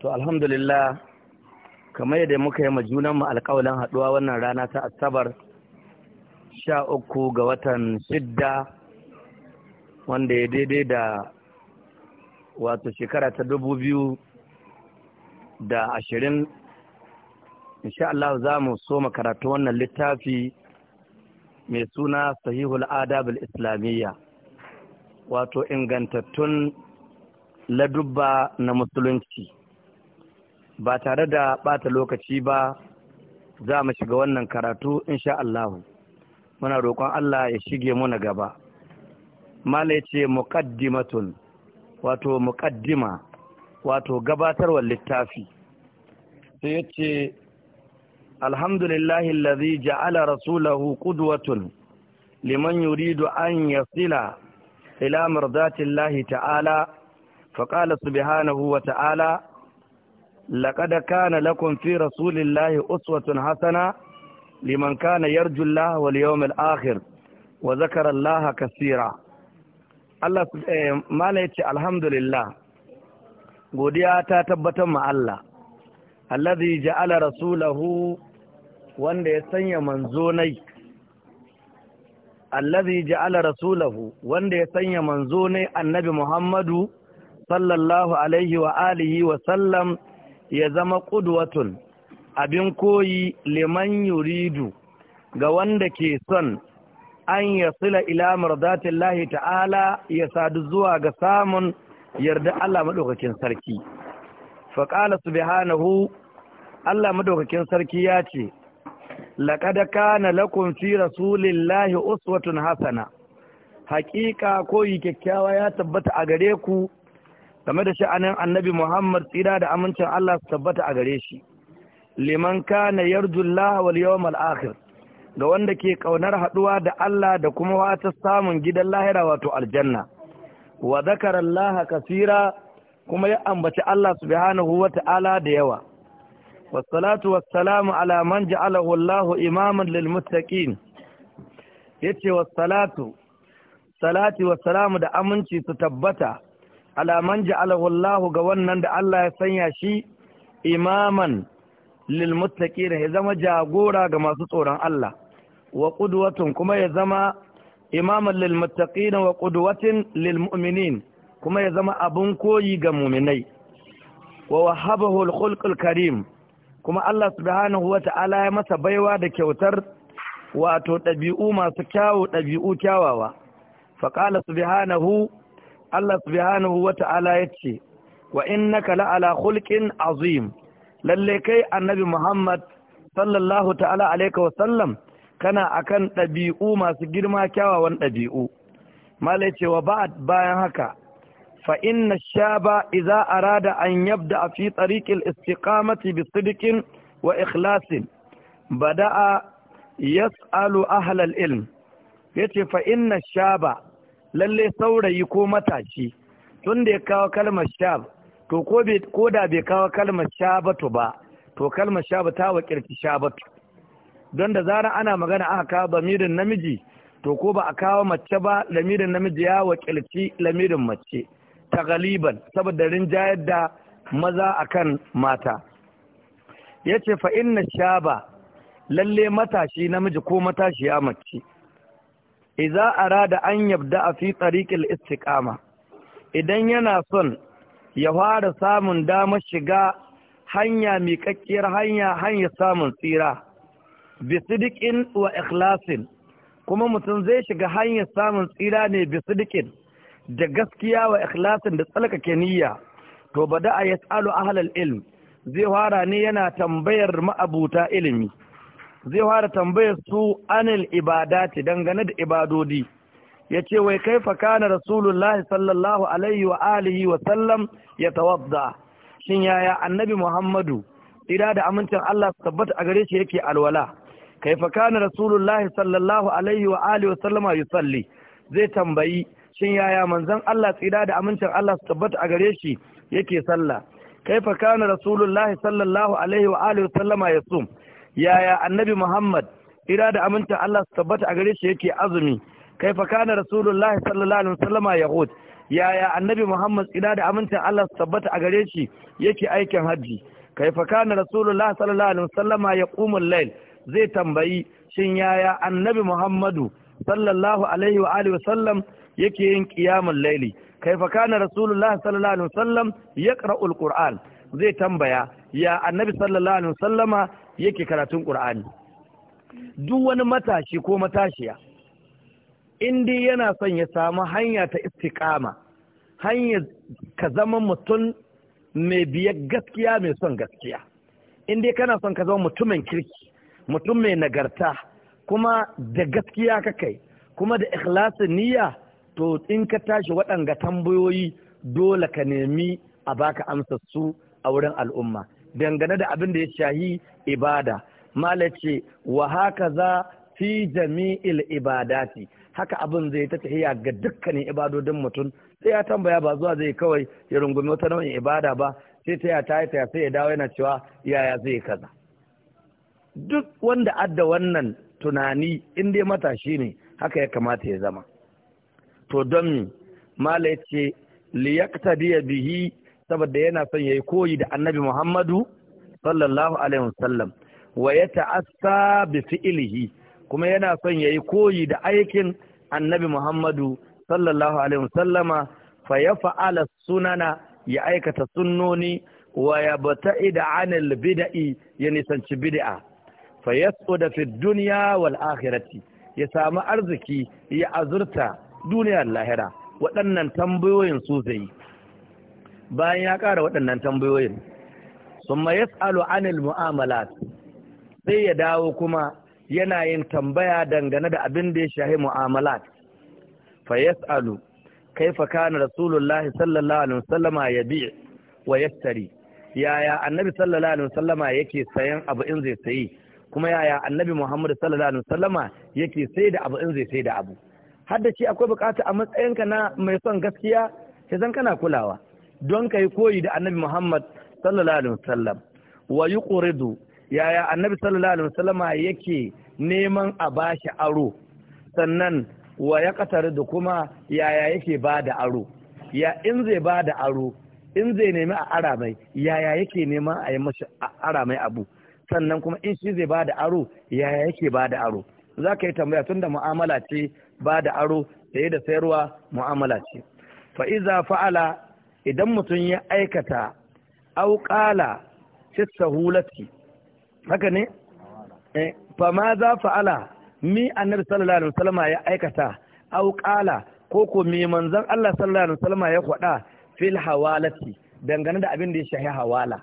to alhamdulillah kamar yadda muka yi majunanmu alkawalin haɗuwa wannan rana ta asabar sha uku ga watan shidda wanda ya daidai da wato shekara ta dubu biyu da ashirin insha Allah za mu so makaratu wannan littafi mai suna sahihul adabul islamiyya wato ingantattun ladubba na musulunci ba tare da ɓata lokaci ba za mu shiga wannan karatu insha Allah muna roƙon Allah ya shige muna gaba mala ya ce muqaddimatun wato muqaddima wato gabatarwar littafi sai ya ce alhamdulillahi allazi ja'ala rasulahu qudwatun liman yuridu an yasila ila mardatillahi ta'ala فقال سبحانه وتعالى لقد كان لكم في رسول الله أسوة حسنة لمن كان يرجو الله واليوم الآخر وذكر الله كثيرا Allah mala yace alhamdulillah godiya ta tabbatar ma Allah allazi ja'ala rasulahu wanda ya sanya manzonai allazi ja'ala rasulahu wanda ya sanya annabi Muhammadu sallallahu alaihi wa alihi wa sallam ya zama ƙudwatun abin koyi liman yuridu ga wanda ke son an ya sila ila mardatin lahi ta'ala ya sadu zuwa ga samun yarda Allah maɗaukakin sarki. Faƙala bihanahu, Allah maɗaukakin sarki ya ce, Laƙada kana lakun fi lahi uswatun hasana, haƙiƙa koyi kyakkyawa ya tabbata a gare ku game da sha'anin annabi Muhammad tsira da amincin Allah su tabbata a gare shi liman ka kana yarjullah wal al akhir ga wanda ke ƙaunar haduwa da Allah da kuma wata samun gidan lahira wato aljanna wa zakara Allah kasira kuma ya ambaci Allah subhanahu wata'ala da yawa wassalatu wassalamu ala man ja'alahu Allah imaman lil muttaqin yace wassalatu salati wassalamu da aminci su tabbata alaman ja'alahu Allah ga wannan da Allah ya sanya shi imaman lil muttaqin ya zama jagora ga masu tsoron Allah wa qudwatun kuma ya zama imaman lil muttaqin wa qudwatun lil mu'minin kuma ya zama abun koyi ga mu'minai wa wahabahu al al karim kuma Allah subhanahu wa ta'ala ya masa baiwa da kyautar wato ɗabi'u masu kyawu ɗabi'u kyawawa faƙala subhanahu Allah subhanahu wata'ala yace wa innaka la'ala khulqin azim lalle kai annabi Muhammad sallallahu ta'ala alayka wa sallam kana akan dabi'u masu girma kyawawan dabi'u malai ce wa ba'd bayan haka fa inna shaba idza arada an yabda fi tariqil istiqamati bi sidqin wa ikhlasin bada'a yas'alu ahlal ilm yace fa inna shaba lalle saurayi ko matashi tun da ya kawo kalmar shab to ko da bai kawo kalmar shabatu ba to kalmar shaba ta wakilci shabatu don da zara ana magana aka kawo lamirin namiji to ko ba a kawo mace ba lamirin namiji ya wakilci lamirin mace ta galiban saboda rinjayar da maza akan mata yace ce fa inna shaba lalle matashi namiji ko matashiya mace iza arada an yabda fi tariqil istiqama idan yana son ya fara samun damar shiga hanya miƙaƙƙiyar hanya hanya samun tsira bisidikin wa ikhlasin kuma mutum zai shiga hanyar samun tsira ne bisidikin da gaskiya wa ikhlasin da tsalkake niyya to bada a yasalu ahlal ilm zai fara ne yana tambayar ma'abuta ilimi zai fara tambayar su anil ibadati dangane da ibadodi ya ce wai kaifa kana rasulullah sallallahu alaihi wa alihi wa sallam ya tawadda shin yaya annabi muhammadu ida da amincin Allah su tabbata a gare shi yake alwala kaifa kana rasulullah sallallahu alaihi wa alihi wa sallama yusalli zai tambayi shin yaya manzon Allah tsira da amincin Allah su tabbata a gare shi yake sallah kaifa kana rasulullah sallallahu alaihi wa alihi wa sallama yasum yaya annabi Muhammad ira da aminta Allah su tabbata a gare shi yake azumi fa kana rasulullahi sallallahu alaihi wasallama yahud yaya annabi Muhammad ira da aminta Allah su tabbata a gare shi yake aikin haji fa kana rasulullahi sallallahu alaihi wasallama yaqumul layl zai tambayi shin yaya annabi Muhammadu sallallahu alaihi wa alihi wasallam yake yin qiyamul layli fa kana rasulullahi sallallahu alaihi wasallam yaqra'ul qur'an zai tambaya ya annabi sallallahu alaihi wasallama yake karatun qur'ani duk wani matashi ko matashiya in yana son ya samu hanya ta istiqama hanya ka zama mutum mai biyar gaskiya mai son gaskiya indai kana son ka zama mutumin kirki mutum mai nagarta kuma da gaskiya ka kai kuma da ikhlasin niyya to in ka tashi waɗanga tambayoyi dole ka nemi a baka amsa su a wurin al'umma dangane da abin da ya shahi ibada malace wa haka za fi jami'il ibadati haka abin zai ta tahiya ga dukkanin ibadodin mutum sai ya tambaya ba zuwa zai kawai ya rungumi wata nau'in ibada ba sai ta tayi ta ya sai ya dawo yana cewa yaya zai kaza duk wanda adda wannan tunani in dai matashi ne haka ya kamata ya zama to don mi mala ce bihi saboda yana son yayi koyi da annabi Muhammadu sallallahu alaihi wasallam wa yata'assa bi fi'lihi kuma yana son yayi koyi da aikin annabi Muhammadu sallallahu alaihi wasallama fa yaf'ala sunana ya aikata sunnoni wa yabta'ida 'anil bid'i ya nisanci bida'a fa da fi dunya wal akhirati ya samu arziki ya azurta duniyar lahira waɗannan tambayoyin su zai yi bayan ya ƙara waɗannan tambayoyin sun ma yas'alu anil mu'amalat sai ya dawo kuma yana yin tambaya dangane da abin da ya shahi mu'amalat fa yas'alu kaifa kana rasulullah sallallahu alaihi ya yabi wa yastari yaya annabi sallallahu alaihi wasallama yake sayan abu in zai sayi kuma yaya annabi muhammad sallallahu alaihi wasallama yake sai da abu in zai sai da abu har da shi akwai bukata a matsayinka na mai son gaskiya sai zan kana kulawa don ka yi koyi da annabi Muhammad sallallahu alaihi wasallam wa yuqridu yaya annabi sallallahu alaihi wasallama yake neman a bashi aro sannan wa ya katar da kuma yaya yake ba da aro ya in zai ba da aro in zai nemi a aramai yaya yake neman a yi mashi aramai abu sannan kuma in shi zai ba da aro yaya yake ba da aro za ka yi tambaya tunda mu'amala ce ba da aro saye da sayarwa mu'amala ce fa iza fa'ala idan mutum ya aikata auƙala fissa sahulati haka ne eh, fama za fa'ala mi annabi sallallahu alaihi wasallam ya aikata auƙala ko ko me manzon Allah sallallahu alaihi wasallam ya faɗa fil hawalati dangane da abin da ya shahi hawala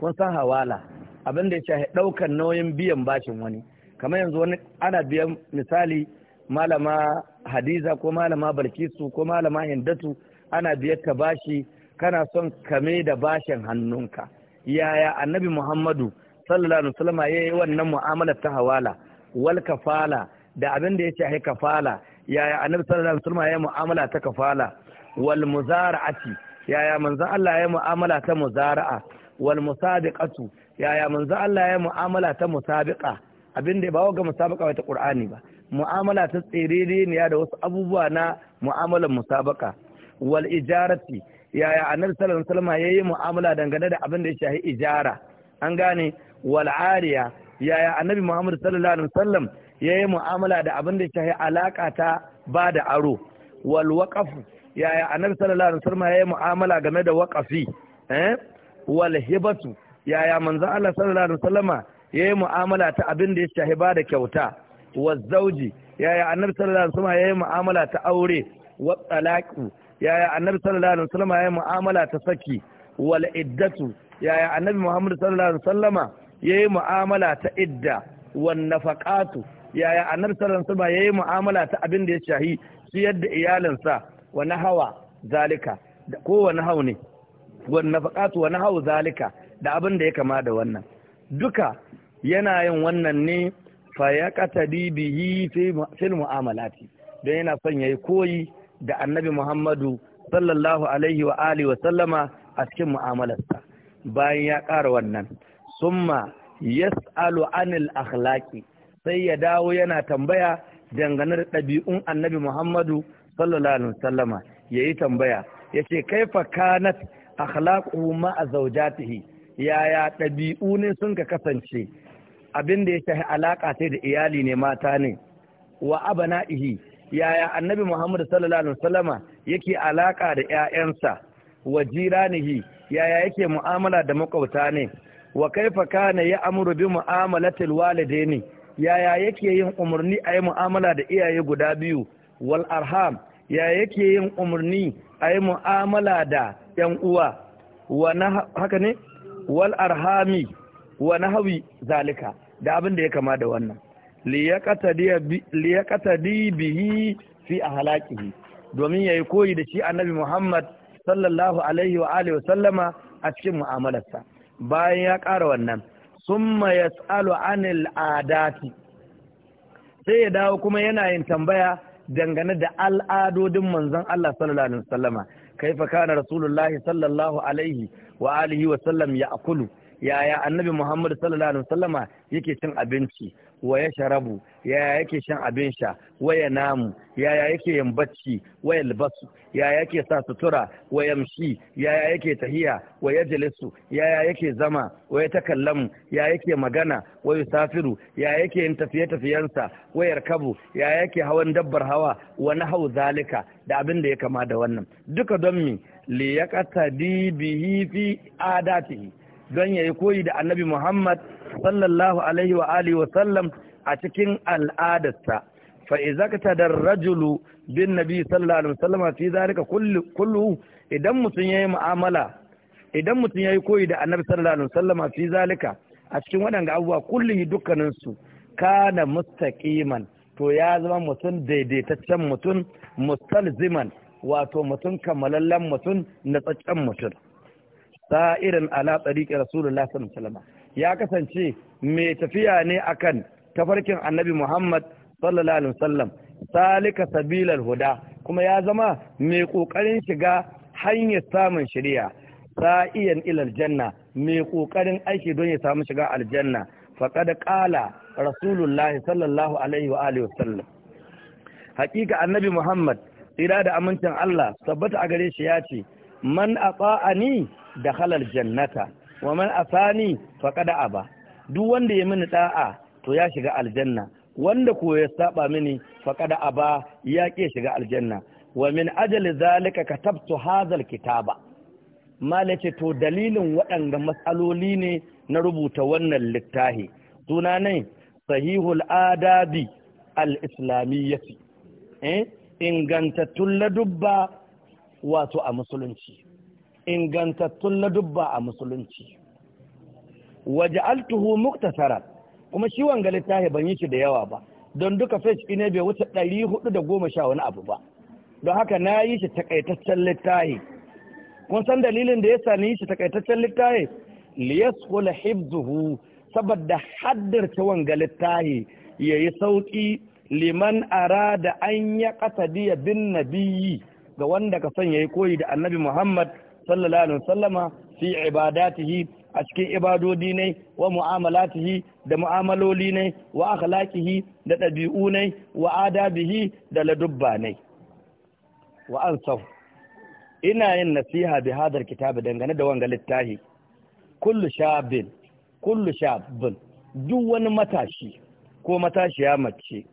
kun san hawala abin da ya shahi ɗaukar nauyin biyan bashin wani kamar yanzu wani ana biyan misali malama hadiza ko malama balkisu ko malama hindatu ana biyar ka bashi kana son kame da bashin hannunka yaya annabi muhammadu sallallahu alaihi wasallam ya yi wannan mu'amalar ta hawala wal kafala da abin da ya ce kafala yaya annabi sallallahu alaihi wasallam ya yi mu'amala ta kafala wal muzara'ati yaya manzon Allah ya yi mu'amala ta muzara'a wal musabiqatu yaya manzon Allah ya yi mu'amala ta musabiqa abin da ba ga musabaqa wata qur'ani ba mu'amala ta tsirereniya da wasu abubuwa na mu'amalar musabaka wal ijarati yaya annabi sallallahu alaihi wasallam yayi mu'amala dangane da abin da ya shafi ijara an gane wal ariya yaya annabi muhammad sallallahu alaihi wasallam yayi mu'amala da abin da ya shafi alaka ta ba da aro wal waqaf yaya annabi sallallahu alaihi wasallam yayi mu'amala game da waqafi eh wal hibatu yaya manzo Allah sallallahu alaihi wasallam yayi mu'amala ta abin da ya shafi ba da kyauta wal zauji yaya annabi sallallahu alaihi wasallam yayi mu'amala ta aure wa talaqu yaya annabi sallallahu alaihi wasallam ya mu'amala ta saki wal iddatu yaya annabi muhammad sallallahu alaihi wasallama yayin mu'amala ta idda wan nafaqatu yaya annabi sallallahu alaihi wasallama yayin mu'amala ta abin da ya shahi su yadda iyalinsa wa nahawa zalika da kowane hau ne wan nafaqatu wa nahawa zalika da abin da ya kama da wannan duka yana yin wannan ne fa ya qatadi bihi fil mu'amalati dan yana son yayi koyi da annabi Muhammadu sallallahu alaihi wa alihi wa sallama a cikin mu'amalarsa bayan ya ƙara wannan summa yas'alu anil akhlaqi sai ya dawo yana tambaya dangane da ɗabi'un annabi Muhammadu sallallahu alaihi wa sallama yayi tambaya yace kaifa kanat akhlaquhu ma'azaujatihi yaya ɗabi'u ne sun ka kasance abin da ya shahi alaƙa sai da iyali ne mata ne wa abana'ihi yaya annabi Muhammad sallallahu alaihi wasallama yake alaka da ƴaƴansa wa jiranihi yaya yake mu'amala da makwabta ne wa kaifa kana ya'muru bi mu'amalatil walidaini yaya yake yin umarni a yi mu'amala da iyaye guda biyu wal arham ya yake yin umarni a yi mu'amala da ƴan uwa wana haka ne wal arhami wa nahwi zalika da abin da ya kama da wannan liyaqtadi bihi fi ahlaqihi domin yayi koyi da shi annabi Muhammad sallallahu alaihi wa alihi a cikin mu'amalarsa bayan ya ƙara wannan summa yas'alu anil adati sai ya dawo kuma yana yin tambaya dangane da al'adodin manzon Allah sallallahu alaihi wasallama kaifa kana rasulullahi sallallahu alaihi wa alihi wa yaya annabi Muhammad sallallahu alaihi wasallama yake cin abinci wa ya sharabu yaya yake shan abin sha waya namu yaya yake yin bacci waya libasu yaya yake sa sutura wa yamshi yaya yake tahiya wa jalisu yaya yake zama wa ya takallamu yaya yake magana wa safiru. yaya yake yin tafiye tafiyansa wa kabu. yaya yake hawan dabbar hawa wa nahau zalika da abin da ya kama da wannan duka don mi li dibihi bihi fi adatihi don ya yi koyi da annabi Muhammad sallallahu alaihi wa alihi wa sallam a cikin al'adarsa fa izakta da rajulu bin nabi sallallahu alaihi wa sallam fi zalika kullu idan mutum yayi mu'amala idan mutum yayi koyi da annabi sallallahu alaihi wa sallam fi zalika a cikin waɗanda abubuwa kullu dukkanin su kana mustaqiman to ya zama mutum daidaitaccen mutum mustalziman wato mutum kamalallen mutum natsaccen mutum sa'irin ala tsariƙi rasulullah sallallahu alaihi ya kasance mai tafiya ne akan tafarkin annabi muhammad sallallahu alaihi wasallam salika sabilar huda kuma ya zama mai ƙoƙarin shiga hanyar samun shari'a sa'iyan ilal janna mai ƙoƙarin aiki don ya samu shiga aljanna faqad qala rasulullahi sallallahu alaihi wa alihi haƙiƙa annabi muhammad tsira da amincin Allah tabbata a gare shi ya ce man ni? da halar jannata wa man asani faqad aba duk wanda ya mini da'a to ya shiga aljanna wanda ko ya saba mini faqad aba ya ke shiga aljanna wa min ajali zalika katabtu hadha kitaba. malace to dalilin waɗanda matsaloli ne na rubuta wannan littafi suna ne sahihul adabi al-islamiyyati eh ingantattun ladubba wato a musulunci ingantattun ladubba a musulunci waje altuhu muktasara kuma shi wanga littafi ban yi shi da yawa ba don duka page ne bai wuce ɗari hudu da goma sha wani abu ba don haka na yi shi takaitaccen littafi kun san dalilin da yasa ni shi takaitaccen littafi liyas liyaskula hibzuhu saboda ta wanga littafi yi sauƙi liman da an ya biya bin nabiyyi ga wanda ka son yi koyi da annabi Muhammad sallallahu alaihi wasallama fi ibadatihi a cikin ibadodi ne wa mu'amalatihi da mu'amaloli ne wa akhlaqihi da ɗabi'u ne wa adabihi da ladubba ne wa ansaf ina yin nasiha bi hadar kitabi dangane da wanga littahi kullu shabin kullu shabin duk wani matashi ko matashi matashiya mace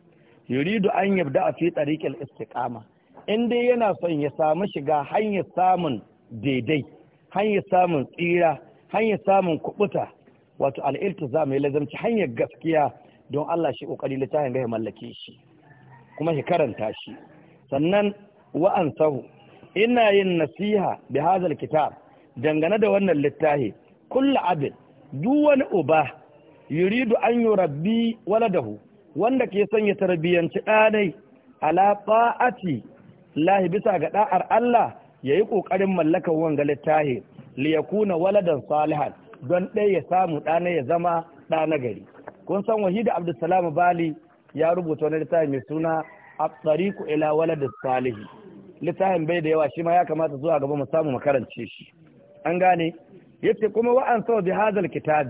yuridu an yabda a fi tariqil istiqama in dai yana son ya samu shiga hanyar samun daidai hanyar samun tsira hanyar samun kubuta wato al'irta al'iltiza mai lazamci hanyar gaskiya don Allah shi kokari ta ga gaya mallake shi kuma shi karanta shi sannan wa'an sahu ina yin nasiha bi hazal kitab dangane da wannan littafi kulla abin duk wani uba yuridu an yurabbi waladahu wanda ke son ya tarbiyyanci ɗanai ala ta'ati lahi bisa ga da'ar Allah yayi ƙoƙarin mallakar wanga littahi liyakuna waladan salihan don ɗaya ya samu ɗana ya zama ɗana gari kun san wahida abdulsalam bali ya rubuta wani littafi mai suna at ila waladan salihi littafin bai da yawa shi ma ya kamata zuwa gaba mu samu makarance shi an gane ce kuma wa'an sau bi hazal kitab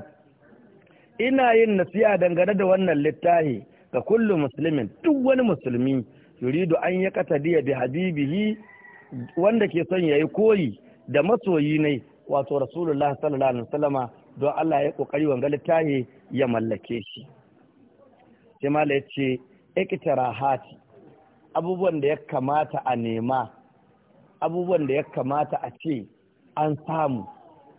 ina yin nasiha dangane da wannan littafi ga kullum musulmin duk wani musulmi yuridu an ya katadiya bi habibihi wanda ke son yayi koyi da masoyi ne wato rasulullahi sallallahu alaihi wasallama don Allah ya kokari wanga littafi ya mallake shi sai mala yace iktirahati abubuwan da ya kamata a nema abubuwan da ya kamata a ce an samu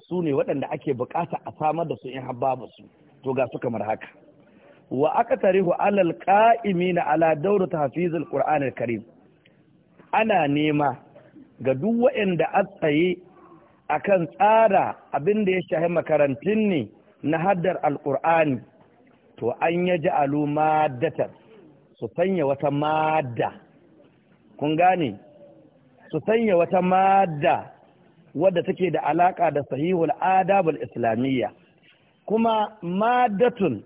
su ne waɗanda ake bukata a samar da su in har babu su to ga su kamar haka wa aka tarihu alal na ala dawrat hafizul qur'anil karim ana nema ga duk waɗanda a tsaye a kan tsara abin da ya shahi makarantun ne na haddar alƙur'ani to an ya ji alu maddatar su sanya wata madda kun gane su sanya wata madda wadda take da alaƙa da sahihul adabul islamiyya kuma maddatun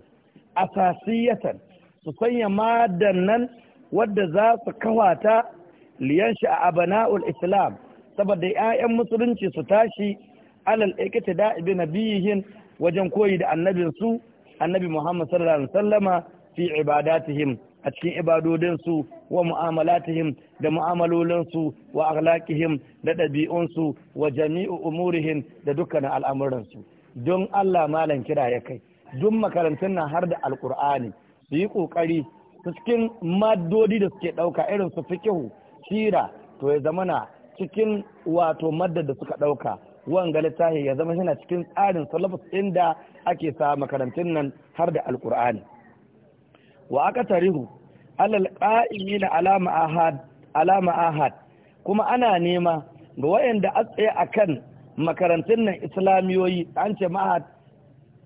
asasiyatan su sanya maddan nan wadda za su kawata a abana'ul islam saboda 'ya'yan musulunci su tashi alal iqtida'i bi nabiyihin wajen koyi da annabin su annabi Muhammad sallallahu alaihi wasallama fi ibadatihim a cikin ibadodin su wa mu'amalatihim da mu'amalolin su wa akhlaqihim da ɗabi'un su wa jami'u umurihim da dukkanin al'amuran su don Allah malam kira ya kai duk makarantun nan har da alqur'ani su yi kokari cikin maddodi da suke ɗauka irin su kyau. sira to ya zama na cikin wato madda da suka ɗauka wanga littafi ya zama yana cikin tsarin salafus inda ake sa makarantun nan har da alkur'ani wa aka tarihu alal qa'imi alama ahad alama ahad kuma ana nema ga wayanda a tsaye akan makarantun nan islamiyoyi an ce ma'ahad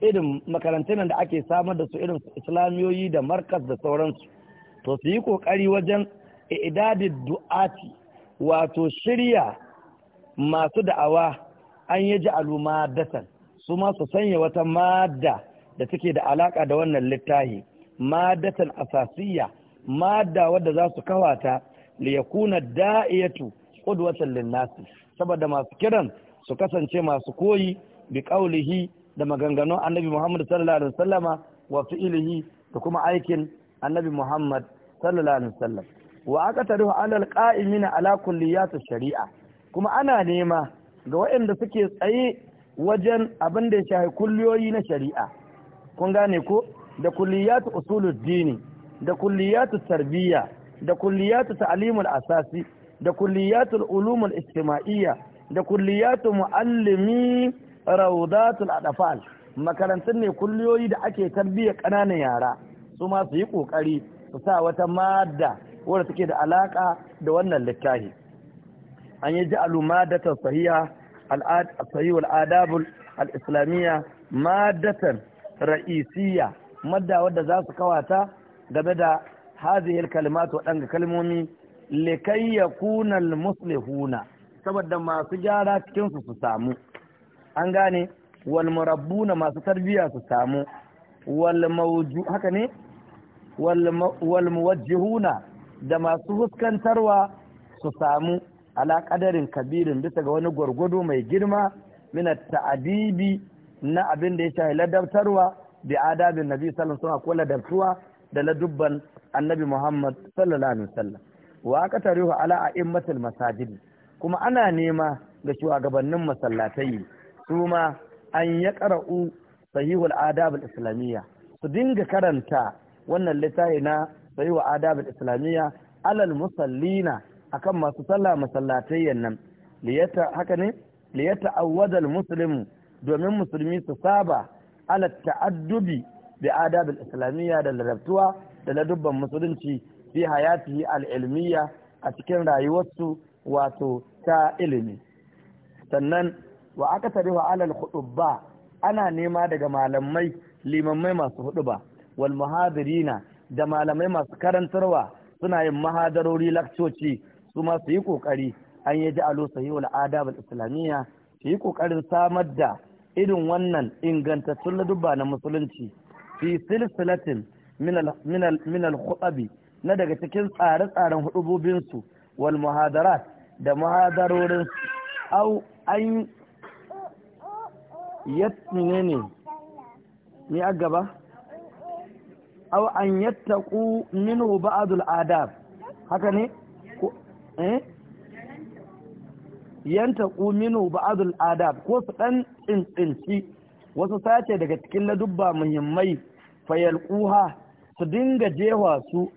irin makarantun nan da ake samar da su irin islamiyoyi da markas da sauransu to su yi kokari wajen idadid du'ati wato shirya masu da'awa an yaji aluma datan su ma su sanya wata madda da take da alaka da wannan littahi madatan asasiyya madda wadda za su kawata li yakuna da'iyatu qudwatan linnasi saboda masu kiran su kasance masu koyi bi qaulihi da maganganun annabi Muhammad sallallahu alaihi wasallama wa fi'lihi da kuma aikin annabi Muhammad sallallahu alaihi wasallam wa aka wa alal qa'imina ala kulliyat shari'a kuma ana nema ga waɗanda suke tsaye wajen abin da ya shafi kulliyoyi na shari'a kun gane ko da kulliyat usuluddin da kulliyatu tarbiyya da kulliyatu ta'limul asasi da kulliyatu ulumul ijtima'iyya da kulliyatu muallimi rawdatul adfal makarantun ne kulliyoyi da ake tarbiyyar ƙananan yara su ma su yi ƙoƙari su sa wata madda wadda take da alaka da wannan littafi an yi ja'alu madatan al sahihu al-islamiyya. madatan ra'isiyya madda wadda za su kawata game da hazihil kalimatu waɗanga kalmomi likai yakuna al muslihuna saboda masu gyara cikinsu su samu an gane wal murabbuna masu tarbiyya su samu wal haka ne wal muwajjihuna da masu fuskantarwa su samu alaƙadarin kadarin kabirin bisa ga wani gwargwado mai girma mina ta'adibi na abin da ya shahi ladabtarwa da adabin nabi sallallahu alaihi ko ladabtuwa da ladubban annabi muhammad sallallahu alaihi wasallam wa aka tarihu ala a'immatul masajid kuma ana nema ga shugabannin masallatai su ma an ya qara'u sahihul adab islamiyya su dinga karanta wannan littafi na sai wa adabul islamiyya alal musallina akan masu sallah masallatai nan liyata haka ne liyata awwadal muslimu domin musulmi su saba ala ta'addubi bi adabul islamiyya da ladabtuwa da ladubban musulunci fi hayatihi al-ilmiyya a cikin rayuwarsu wato ta ilimi sannan wa aka tare wa alal hudubba ana nema daga malamai limammai masu huduba wal muhadirina da malamai masu karantarwa suna yin mahadarori lakcoci su ma su yi kokari an yi ji alo sahihul adab islamiyya su yi kokarin samar da irin wannan ingantattun ladubba na musulunci fi silsilatin min al na daga cikin tsare-tsaren su wal muhadarat da muhadarorin au an ne ni a gaba aw an yattaqu minhu ba'd al-adab haka ne eh yantaqu minhu ba'd al-adab ko su dan tsintsinci wasu sace daga cikin ladubba muhimmai fayalquha su dinga jewa su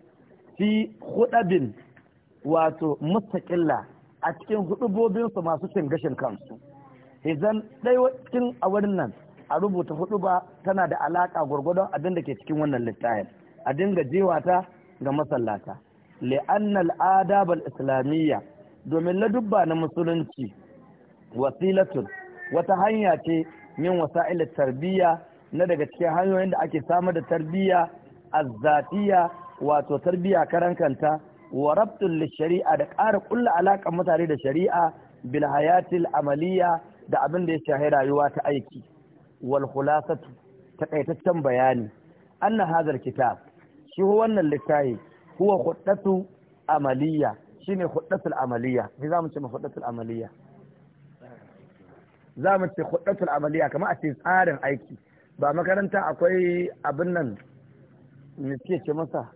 fi hudabin wato mustaqilla a cikin su masu cin gashin kansu idan dai cikin a nan a rubuta hudu ba tana da alaka gwargwadon abin da ke cikin wannan littafin a dinga ta ga masallata li'anna al'adab al-islamiyya domin ladubba na musulunci wasilatun wata hanya ce min wasa'il tarbiyya na daga cikin hanyoyin da ake samar da tarbiyya azzatiya wato tarbiyya karankanta kanta wa rabtul shari'a da ƙara kulla alaƙa mutane da shari'a bil hayatil amaliya da abin da ya shahi rayuwa ta aiki wal khulasatu takaitaccen bayani anna hadhal kitab shi wannan littafi huwa huddatu amaliya shine huddatul amaliya me zamu ce huddatul amaliya zamu ce amaliya kamar a ce tsarin aiki ba makaranta akwai abin nan me ce masa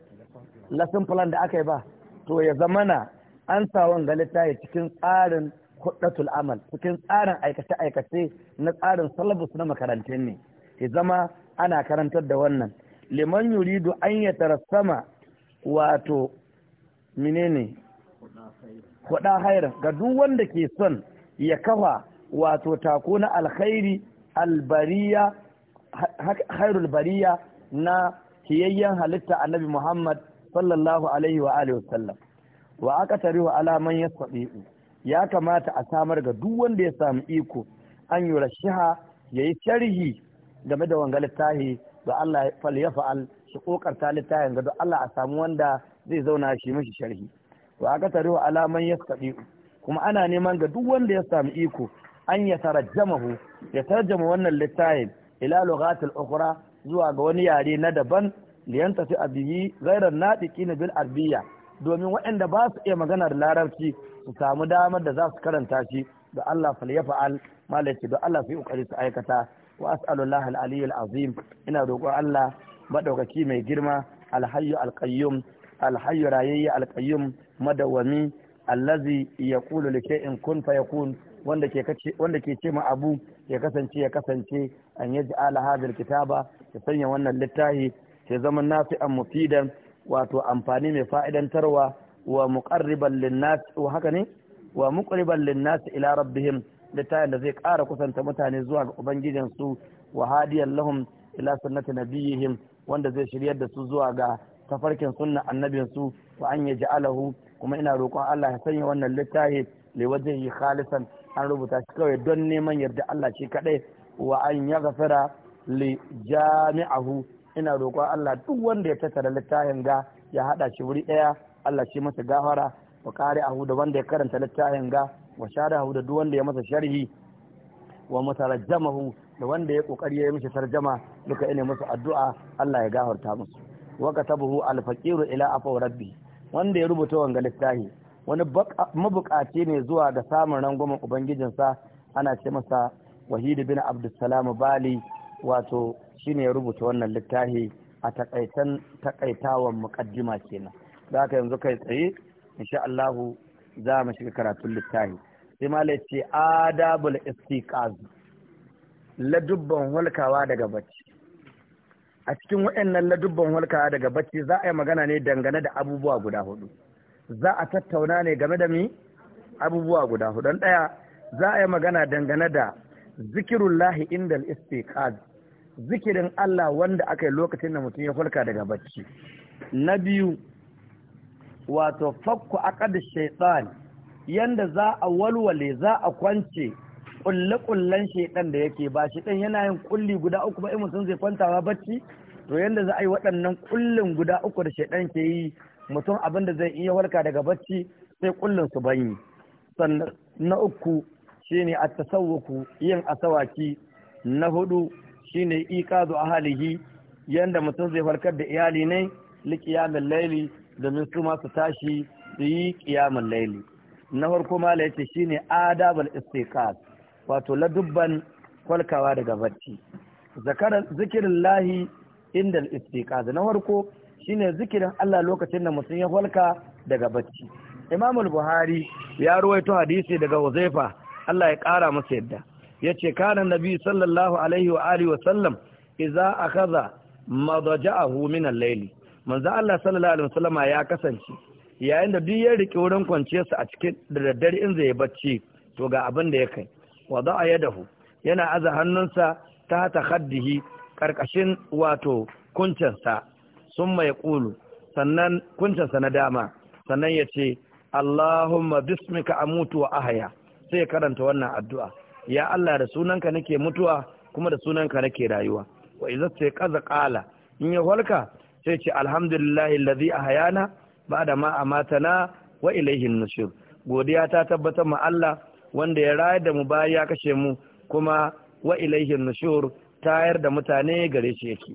lesson plan da aka yi ba to ya zamana an sa wanga littafi cikin tsarin kudatul amal cikin tsarin aikace-aikace na tsarin salabus na makarantun ne ya zama ana karantar da wannan liman yuridu an ya tarassama wato menene huda hairan ga duk wanda ke son ya kafa wato tako na alkhairi albariya hairul bariya na kiyayyen halitta annabi muhammad sallallahu alaihi wa alihi wasallam wa aka tarihu ala man ya kamata a samar ga duk wanda ya samu iko an yi rashiha ya yi sharhi game da wanga littahi da Allah fal ya fa'al shi kokarta littahin ga Allah a samu wanda zai zauna shi mashi sharhi wa aka wa alaman ya kuma ana neman ga duk wanda ya samu iko an ya tarjamahu ya tarjama wannan littahin ila lughatil ukhra zuwa ga wani yare na daban liyan tafi abiyi ghayran natiqina bil arabiyya domin waɗanda ba su iya magana da larabci su samu damar da za su karanta shi da Allah fa'al malaki da Allah su yi su aikata wa as'alullah al-aliyyul azim ina roƙon Allah madaukaki mai girma alhayyu alqayyum alhayyu rayayya alqayyum madawami allazi yaqulu li in kun fayakun wanda ke wanda ke ce ma abu ya kasance ya kasance an yaj'ala hadha kitaba ya sanya wannan littafi ya zama nafi'an mufidan wato amfani mai fa'idantarwa wa muƙarriban linnas wa haka ne wa muƙarriban linnas ila rabbihim littafin da zai ƙara kusanta mutane zuwa ga ubangijinsu wa hadiyan lahum ila sunnati nabiyihim wanda zai shiryar da su zuwa ga tafarkin sunna annabinsu wa an ja'alahu kuma ina roƙon Allah ya sanya wannan littafi yi khalisan an rubuta shi kawai don neman yarda Allah shi kadai wa an yaghfira li jami'ahu ina roƙon Allah duk wanda ya tattara littafin ga ya haɗa shi wuri ɗaya Allah shi masa gafara wa kare ahu da wanda ya karanta littafin ga wa sharahu da duk wanda ya masa sharhi wa mutarajjamahu da wanda ya kokari ya yi mishi tarjama duka ina musu addu'a Allah ya gafarta musu wa katabahu al-faqiru ila afaw rabbi wanda ya rubuta wanga littafi wani mabukaci ne zuwa ga samun rangwamen ubangijinsa ana ce masa wahidi bin abdussalam bali wato shine ya rubuta wannan littafi a takaitan takaitawan muqaddima kenan da ka yanzu kai tsaye insha Allah za mu shiga karatun littafi sai malai ce adabul istiqaz ladubban hulkawa daga bacci a cikin waɗannan ladubban hulkawa daga bacci za a yi magana ne dangane da abubuwa guda hudu za a tattauna ne game da mi abubuwa guda hudu ɗaya za a yi magana dangane da zikirullahi indal istiqaz zikirin Allah wanda aka yi lokacin da mutum ya farka daga bacci na biyu wato fakku aqad shaitan yanda za a walwale za a kwance ƙulle-ƙullen shaiɗan da yake ba shi ɗan yana yin ƙulli guda uku ba in mutum zai ba bacci to yanda za a yi waɗannan kullin guda uku da shaiɗan ke yi mutum abin da zai iya warka daga bacci sai ƙullin su banyi sannan na uku shine a tasawuku yin asawaki na hudu shine zuwa ahlihi yanda mutum zai farkar da iyali ne li qiyamil layli domin su ma tashi su yi ƙiyamin laili. na farko la yace shine adabul istiqaz wato ladubban kwalkawa daga barci zakaran zikirin lahi inda istiqaz na farko shine zikirin Allah lokacin da mutum ya falka daga barci. Imamul Buhari ya ruwaito hadisi daga Huzaifa Allah ya ƙara masa yadda yace kanan nabi sallallahu alaihi wa alihi wa sallam idza akhadha madaja'ahu min al layli manzo Allah sallallahu alaihi wa ya kasance yayin da duk ya rike wurin kwanciyarsa a cikin da daddare in zai bacci to ga abin da ya kai wada'a yadahu yana aza hannunsa ta ta karkashin wato kuncinsa sun mai kulu sannan kuncinsa na dama sannan yace ce Allahumma bismika amutu wa ahya sai karanta wannan addu'a ya Allah da sunanka nake mutuwa kuma da sunanka nake rayuwa wa idza kaza qala in ya walka sai ce alhamdulillahi allazi ahyana ba'da ma amatana wa ilayhi nushur godiya ta tabbatar ma Allah wanda ya rayar da mu bayan ya kashe mu kuma wa ilayhi nushur tayar da mutane gare shi yake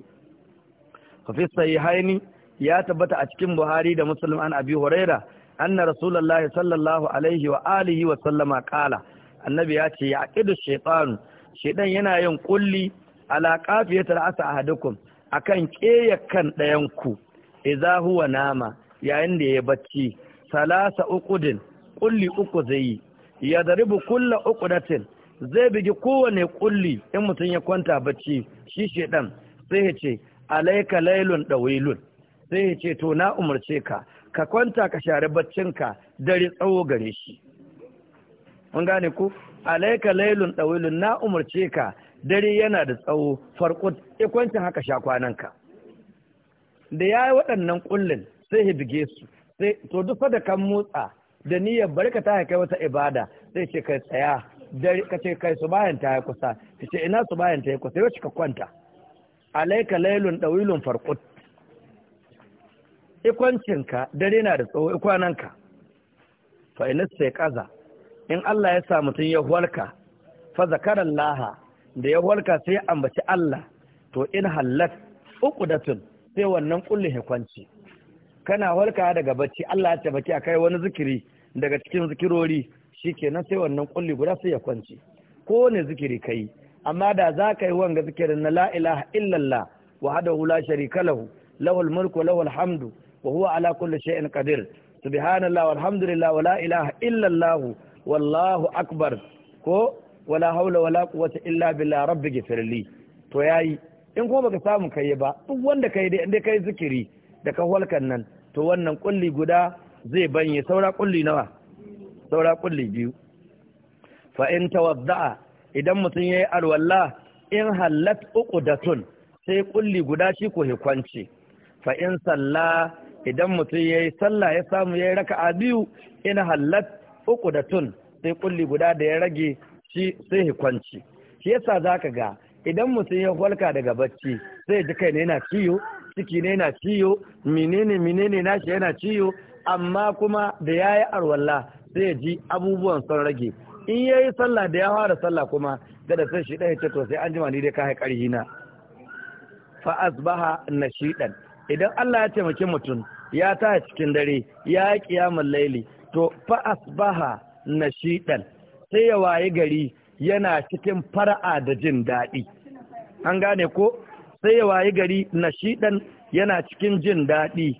fa fi sahihaini ya tabbata a cikin Buhari da Muslim an Abi Huraira anna Rasulullahi sallallahu alaihi wa alihi wa sallama qala annabi ya ce ya aqidu shaytanu shaydan yana yin kulli ala qafiyatil asa ahadukum akan kan dayan ku idza huwa nama yayin da ya bacci salasa uqudin kulli uku zai ya daribu kulla uqudatin zai bigi kowane kulli in mutum ya kwanta bacci shi shaydan sai ya ce alaika lailun dawilun sai ya ce to na umarce ka ka kwanta ka share baccinka dare tsawo gare shi mun gane ku alaika lailun dawilun na umarce ka dare yana da tsawo farkut ikwancin eh, haka sha kwananka da yayi waɗannan kullin sai bige su sai to duk kan motsa da niyyar barka ta kai wata ibada sai ce kai tsaya dare ka ce kai su bayan ta kusa ta ce ina su bayan ta kusa yau ka kwanta alaika lailun dawilun farkut eh, ka dare na da tsawo ikwananka eh, fa ina sai kaza in Allah ya sa mutum ya warka fa zakaran laha da ya warka sai ya ambaci Allah to in hallat tun sai wannan kullin hikwanci kana warka daga bacci Allah ya a kai wani zikiri daga cikin zikirori shikenan sai wannan kulli guda sai ya kwanci ko ne zikiri kai amma da za ka yi wanga zikirin na la ilaha illallah wahdahu la sharika lahu lahul mulku lahul hamdu wa huwa ala kulli shay'in qadir subhanallah walhamdulillah wa la ilaha illallah wallahu akbar ko wala haula wala quwwata illa billah rabbi ghfirli to yayi in kuma baka samu kai ba duk wanda kai dai inda kai zikiri da ka halkan nan to wannan kulli guda zai banye saura kulli nawa saura kulli biyu fa in tawadda idan mutum yayi alwala in hallat uqdatun sai kulli guda shi ko hikwance fa in salla idan mutum yayi sallah ya samu yayi raka'a biyu in hallat uku da tun sai kulli guda da ya rage shi sai kwanci shi yasa zaka ga idan mutum ya walka daga bacci sai ji kai ne yana ciyo ciki ne yana ciyo menene menene nashi yana ciyo amma kuma da yayi arwalla sai ji abubuwan sun rage in yayi sallah da ya fara sallah kuma da da sai shi dai ce to sai an jima ni dai kai karhi na fa asbaha nashidan idan Allah ya taimaki mutum ya ta cikin dare ya yi kiyamun laili to fa asbaha nashidan sai ya waye gari yana cikin fara'a da jin daɗi an gane ko sai ya waye gari nashidan yana cikin jin daɗi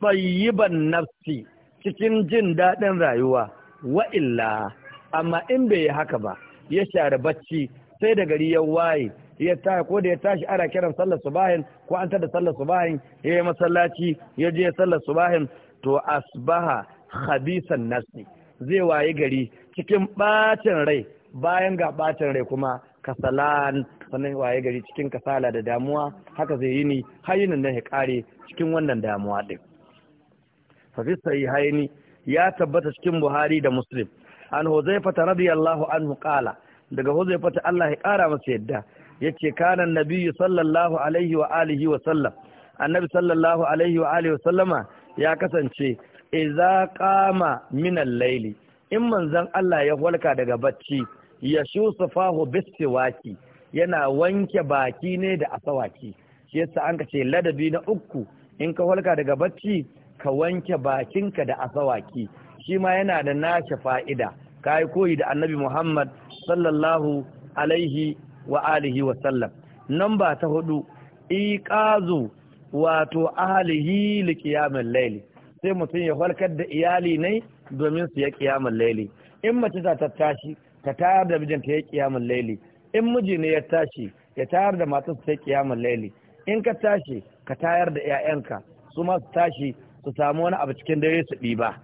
tsayiban nafsi cikin jin daɗin rayuwa wa'illa amma in bai yi haka ba ya share bacci sai da gari ya waye ya ta ko da ya tashi ana kiran sallar subahin ko an tada sallar subahin ya yi masallaci ya je sallar subahin to asbaha khabisan Nasi zai waye gari cikin bacin rai bayan ga bacin rai kuma kasalan sannan waye gari cikin kasala da damuwa haka zai yi ni hayinin na ya kare cikin wannan damuwa ɗin. fafisa yi hayini ya tabbata cikin buhari da muslim an huzaifa ta radiyallahu anhu kala. daga huzaifa ta Allah ya kara masa yadda yace kana nabiyyu sallallahu alaihi wa alihi wa sallam annabi sallallahu alaihi wa alihi wa sallama ya kasance iza qama min al-layli in manzon Allah ya walka daga bacci ya shusufahu bisiwaki yana wanke baki ne da asawaki shi yasa an ce ladabi na uku in ka walka daga bacci ka wanke bakinka da asawaki shi ma yana da nashi fa'ida ka yi koyi da annabi Muhammad sallallahu alaihi wa alihi wa sallam nan ba ta hudu iqazu wato ahlihi liqiyamil layli sai mutum ya farkar da iyali ne domin su ya kiyamun laili in mace ta tashi ta tayar da mijinta ya kiyamun laili in miji ne ya tashi ya tayar da su ta kiyamun laili in ka tashi ka tayar da 'ya'yanka su ma su tashi su samu wani abu cikin dare su ɗiba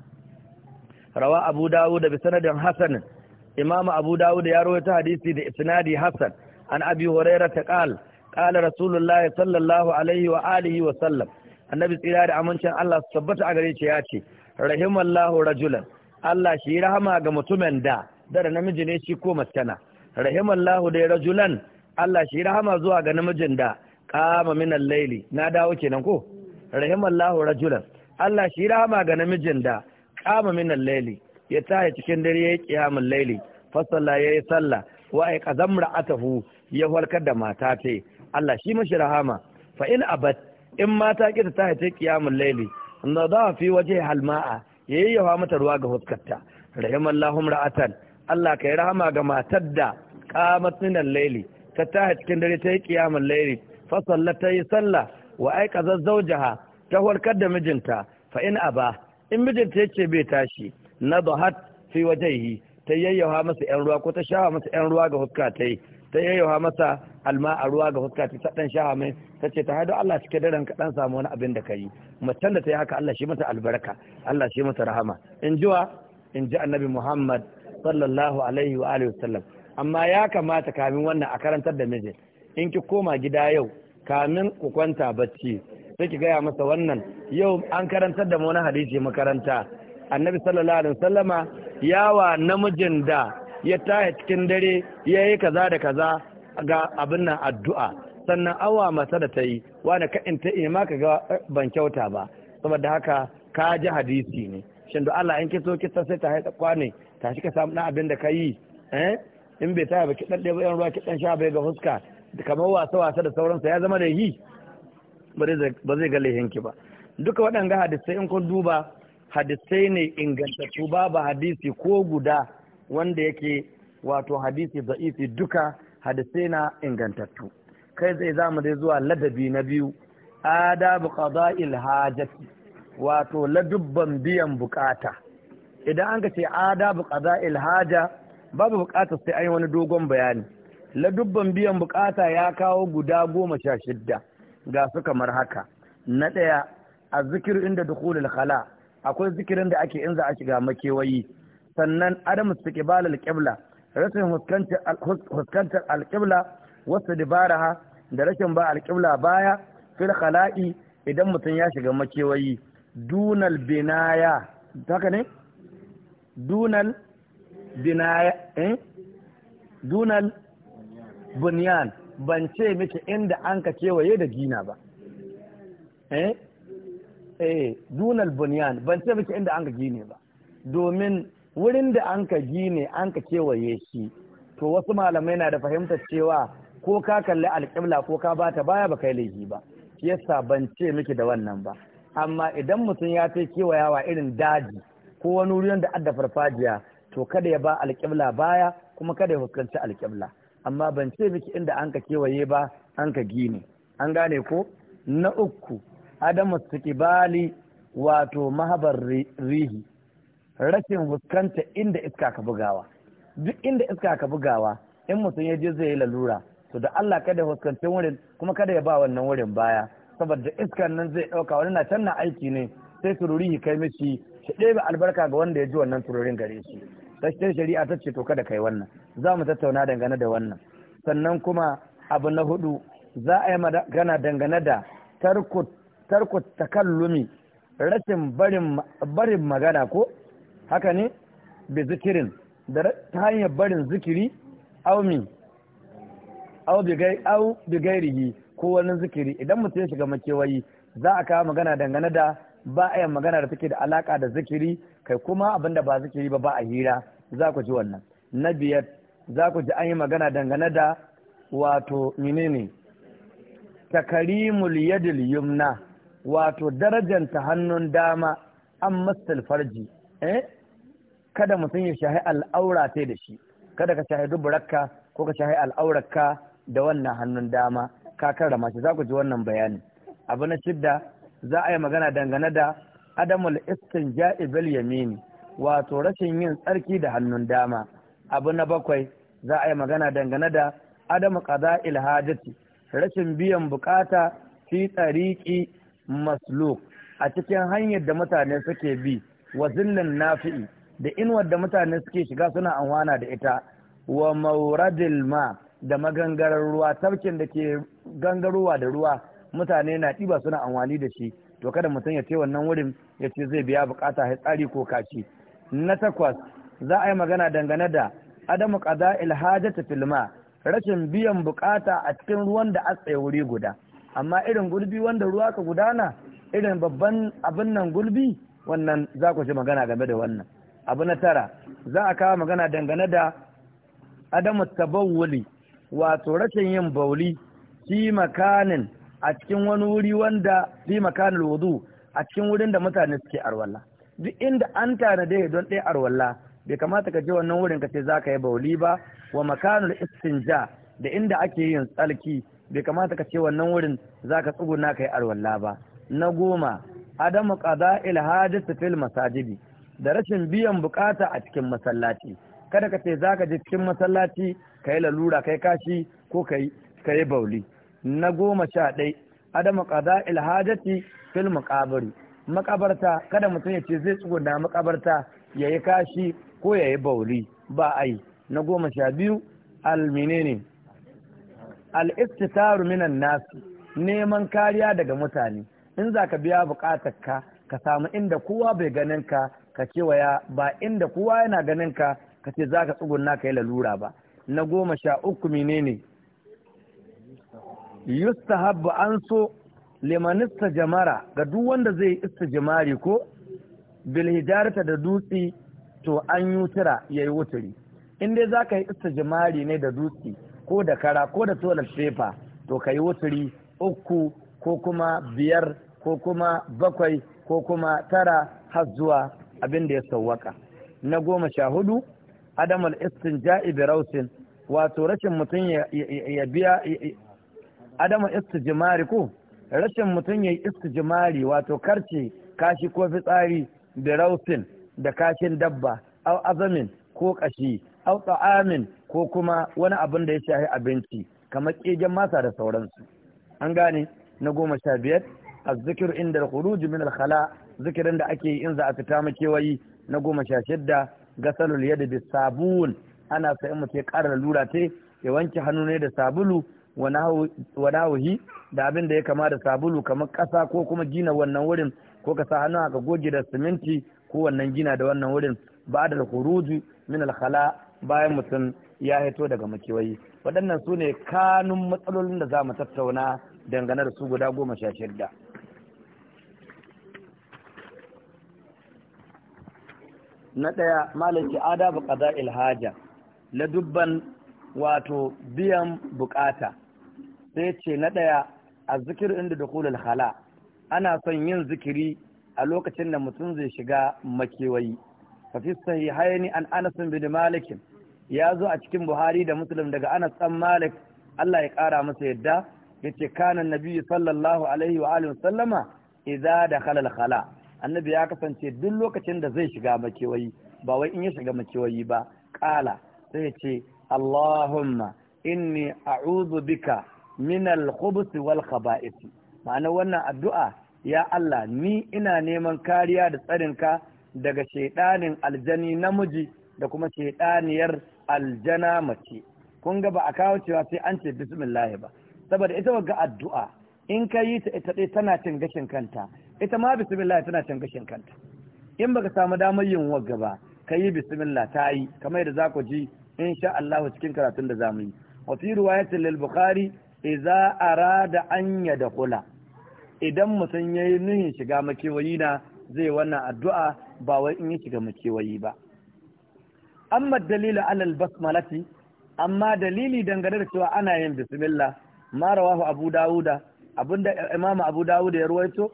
rawa abu dawud da sanadin hasan imamu abu dawud ya ta hadisi da isnadi Hassan, an abi hurairah ta qal qala rasulullahi sallallahu alaihi wa alihi wa sallam annabi tsira da amincin Allah su tabbata a gare shi ya ce rahimallahu rajulan Allah shi rahama ga mutumin da da namiji ne shi ko maskana rahimallahu dai rajulan Allah shi rahama zuwa ga namijin da kama min al-laili na dawo kenan ko rahimallahu rajulan Allah shi rahama ga namijin da kama min al-laili ya tsaya cikin dare yayi qiyamul laili ya yayi sallah wa ay atahu ya farkar da mata ta Allah shi mashi rahama fa in abat in mata kita ta haita kiyamun laili na za a fi waje halma'a ya yi yawa mata ruwa ga huskarta rahimallahu ra'atan Allah kai rahama ga matar da kamatsinan laili ta ta cikin dare ta yi kiyamun laili fasalla ta yi sallah wa aika zazzaujaha ta warkar da mijinta fa in ba in mijinta ce bai tashi na dahat fi yi ta yayyawa masa yan ruwa ko ta shawa masa yan ruwa ga huska yi ta yayyawa masa alma a ruwa ga fuska ta dan sha mai ta ce ta haidu Allah cike daren ka dan samu wani abin da ka yi macen da ta yi haka Allah shi mata albarka Allah shi mata rahama in jiwa in ji annabi Muhammad sallallahu alaihi wa alihi wasallam amma ya kamata kamin wannan a karantar da mijin in ki koma gida yau kamin ku kwanta bacci sai ki gaya masa wannan yau an karantar da mu wani hadisi makaranta annabi sallallahu alaihi wasallama yawa namijin da ya taya cikin dare ya yi kaza da kaza ga abin nan addu'a sannan awa masa da ta yi wani ka in ta iya ma ka ga eh, ban kyauta ba saboda haka ka ji hadisi ne shin da Allah in kiso kisa sai ta haita kwane ta shi ka samu na abin da ka yi eh? in bai taya ba ki dan ɗebo yan ruwa ki dan sha bai ga fuska kamar wasa wasa da sauransa ya zama da yi ba zai ga lehinki ba duka waɗanga hadisai in kun duba hadisai ne ingantattu babu hadisi ko guda wanda yake wato hadisi za'ifi duka hadisai na ingantattu kai zai zamu dai zuwa ladabi na biyu adabu qada'il hajati wato ladubban biyan bukata idan an ka ce adabu qada'il haja babu bukatar sai an yi wani dogon bayani ladubban biyan bukata ya kawo guda goma sha shidda ga su kamar haka na ɗaya a zikir inda dukulul khala akwai zikirin da ake in za a shiga makewayi sannan adam su ke bala alƙibla rashin huskantar alƙibla wasu wasu ha da rashin ba alƙibla baya fil khala'i idan mutum ya shiga makewayi dunal binaya haka ne dunal binaya eh dunal bunyan ban ce miki inda an ka kewaye da gina ba eh eh dunal bunyan ban ce miki inda an ka gine ba domin wurin da an ka gine an ka kewaye shi to wasu malamai na da fahimtar cewa ko ka kalli alƙibla ko ka bata baya ba kai laifi ba shi yasa ban ce miki da wannan ba amma idan mutum ya kai kewayawa irin daji ko wani wurin da adda farfajiya to kada ya ba alƙibla baya kuma kada ya fuskanci alƙibla amma ban ce miki inda an ka kewaye ba an ka gine an gane ko na uku adamu bali wato mahabar rihi rashin fuskanta inda iska ka bugawa duk inda iska ka bugawa in mutum ya je zai yi lalura to da Allah kada ya fuskanci wurin kuma kada ya ba wannan wurin baya saboda iskan nan zai ɗauka wani na can na aiki ne sai ya kai mishi shi ɗebe albarka ga wanda ya ji wannan tururin gare shi sashen shari'a ta ce to kada kai wannan za mu tattauna dangane da wannan sannan kuma abu na hudu za a yi magana dangane da tarko takallumi rashin barin magana ko haka ne bi zikirin da ta hanyar barin zikiri au au bi gairihi ko wani zikiri idan mutum ya shiga makewayi za a kawo magana dangane da ba a yin magana da take da alaka da zikiri kai kuma abinda ba zikiri ba ba a hira za ku ji wannan na biyar za ku ji an yi magana dangane da wato menene takarimul yadil yumna wato darajanta hannun dama an mastal farji eh kada mutum ya shahi al'aura ta da shi kada ka shahi duburakka ko ka shahi al'aurarka da wannan hannun dama ka da shi za ku ji wannan bayani abu na shidda za a yi magana dangane da adamul istinja'i bil yamini wato rashin yin tsarki da hannun dama abu na bakwai za a yi magana dangane da adamu Kaza, ilhajati rashin biyan bukata fi tsariki masluk a cikin hanyar da mutane suke bi wa zillin nafi'i da inuwar da mutane suke shiga suna anwana da ita wa mauradil ma da magangarar ruwa tafkin da ke gangarowa da ruwa mutane na ɗiba suna anwani da shi to kada mutum ya ce wannan wurin ya ce zai biya bukata tsari ko kaci na takwas za a yi magana dangane da adamu qada ta filma rashin biyan bukata a cikin ruwan da atsaye wuri guda amma irin gulbi wanda ruwa ka gudana irin babban abin nan gulbi wannan za ku ji magana game da wannan abu na tara za a kawo magana dangane da adamu tabawuli wato rashin yin bauli fi makanin a cikin wani wuri wanda fi makanin wudu a cikin wurin da mutane suke arwalla duk inda an tanade don ɗaya arwalla bai kamata ka je wannan wurin ka ce za ka yi bauli ba wa makanul istinja da inda ake yin tsarki, bai kamata ka ce wannan wurin za ka tsuguna ka yi arwalla ba na goma adamu kaza il hadith fil masajidi da rashin biyan bukata a cikin masallaci kada ka ce zaka je cikin masallaci yi lalura kai kashi ko kai yi bauli na goma sha ɗai adamu kaza il fil maqabari makabarta kada mutum ya ce zai tsuguna makabarta yayi kashi ko yayi bauli ba ai na goma sha biyu al al istitaru minan nasu neman kariya daga mutane in za ka biya buƙatar ka ka samu inda kowa bai ganin ka ka kewaya ba inda kowa yana ganin ka ka ce za ka tsugunna ka yi lalura ba na goma sha uku menene yustahabbu an so Limanista jamara ga duk wanda zai istijmari ko bil hijarata da dutsi to an yutura yi wuturi in dai ka yi istijmari ne da dutsi ko da kara ko da toilet paper to ka yi wuturi uku ko kuma biyar ko kuma bakwai ko kuma tara har zuwa abin da ya sauwaka na goma sha hudu adamul istinja'i bi rausin wato rashin mutum ya biya al'istin jimari ko rashin mutum ya yi jimari wato karce kashi ko fitsari da rausin da kashin dabba au azamin ko kashi au tsa'amin ko kuma wani abin da ya shahi abinci kamar ƙegen masa da sauransu an gane na goma sha biyar a zikir inda al min alkhala zikirin da ake yi in za a fita kewayi na goma sha shidda ga salul yadda bi sabun ana sayan mu mutum ya lura te ya wanke hannu ne da sabulu wani nahuhi da abin da ya kama da sabulu kamar kasa ko kuma gina wannan wurin ko ka sa hannu aka goge da siminti ko wannan gina da wannan wurin ba da kuruji min alkhala bayan mutum ya hito daga makewayi waɗannan su ne kanun matsalolin da za mu tattauna dangane da su guda goma sha shidda na ɗaya malaki adabu ƙaza ilhaja na dubban wato biyan buƙata, sai ce na ɗaya a zikir inda da kulul hala ana son yin zikiri a lokacin da mutum zai shiga makewayi yi hayani an anas bin malakin ya zo a cikin buhari da muslim daga anas dan malik Allah ya ƙara masa yadda yace kana nabi sallallahu alaihi wa alihi sallama idza al-khala annabi ya kasance duk lokacin da zai shiga makewayi ba wai in ya shiga makewayi ba kala sai ce Allahumma inni a'udhu bika min al-khubuth wal khaba'ith ma'ana wannan addu'a ya Allah ni ina neman kariya da tsarinka daga shaidanin aljani namiji da kuma shaidaniyar aljana mace kun ga ba a kawo cewa sai an ce bismillah ba saboda ita wagga addu'a in ka yi ta ita ɗaya tana cin gashin kanta ita ma bismillah tana cin gashin kanta in baka samu damar yin wagga ba ka yi bismillah ta yi kamar yadda za ku ji insha Allah cikin karatun da zamu yi wa fi riwayatin lil bukhari idza arada an yadkhula idan mutum yayi nuhin shiga makewayi na zai wannan addu'a ba wai in yi shiga makewayi ba amma dalilu alal basmalati amma dalili dangane da cewa ana yin bismillah ma rawahu abu dawuda abinda imam abu dawuda ya ruwaito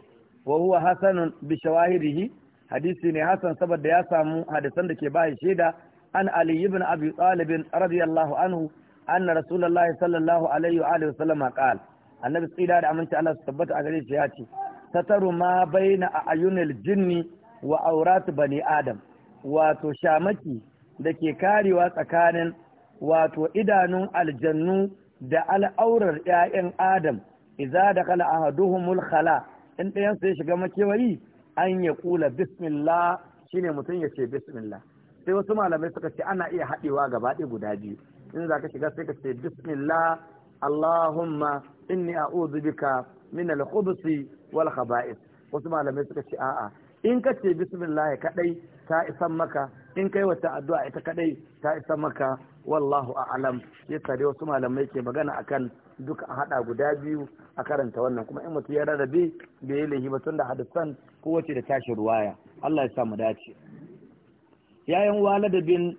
wa huwa hasanun bi shawahirihi hadisi ne hasan saboda ya samu hadisan da ke bayan shaida an ali ibn abi talib radiyallahu anhu anna rasulullahi sallallahu alaihi wa alihi wasallam qal annabi tsira da aminci Allah su tabbata a gare shi ya ce sataru ma baina a ayunil jinni wa auratu bani adam wato shamaki da ke karewa tsakanin wato idanun aljannu da al'aurar 'ya'yan adam idza dakala ahaduhumul khala in ɗayan ya shiga makewayi an ya kula bismillah shine mutum ya ce bismillah sai wasu malamai suka ce ana iya haɗewa gaba ɗaya guda biyu in za ka shiga sai ka ce bismillah allahumma inni a'udhu bika min al-khubuthi wal khaba'is. wasu malamai suka ce a'a in ka ce bismillah kadai ta isan maka in kai wata addu'a ita kadai ta isan maka wallahu a'lam yasa dai wasu malamai ke magana akan duka a hada guda biyu a karanta wannan kuma in mutum ya rarrabe bai yi lahi ba tun da hadisan kowace da tashi ruwaya Allah ya sa mu dace yayin waladabin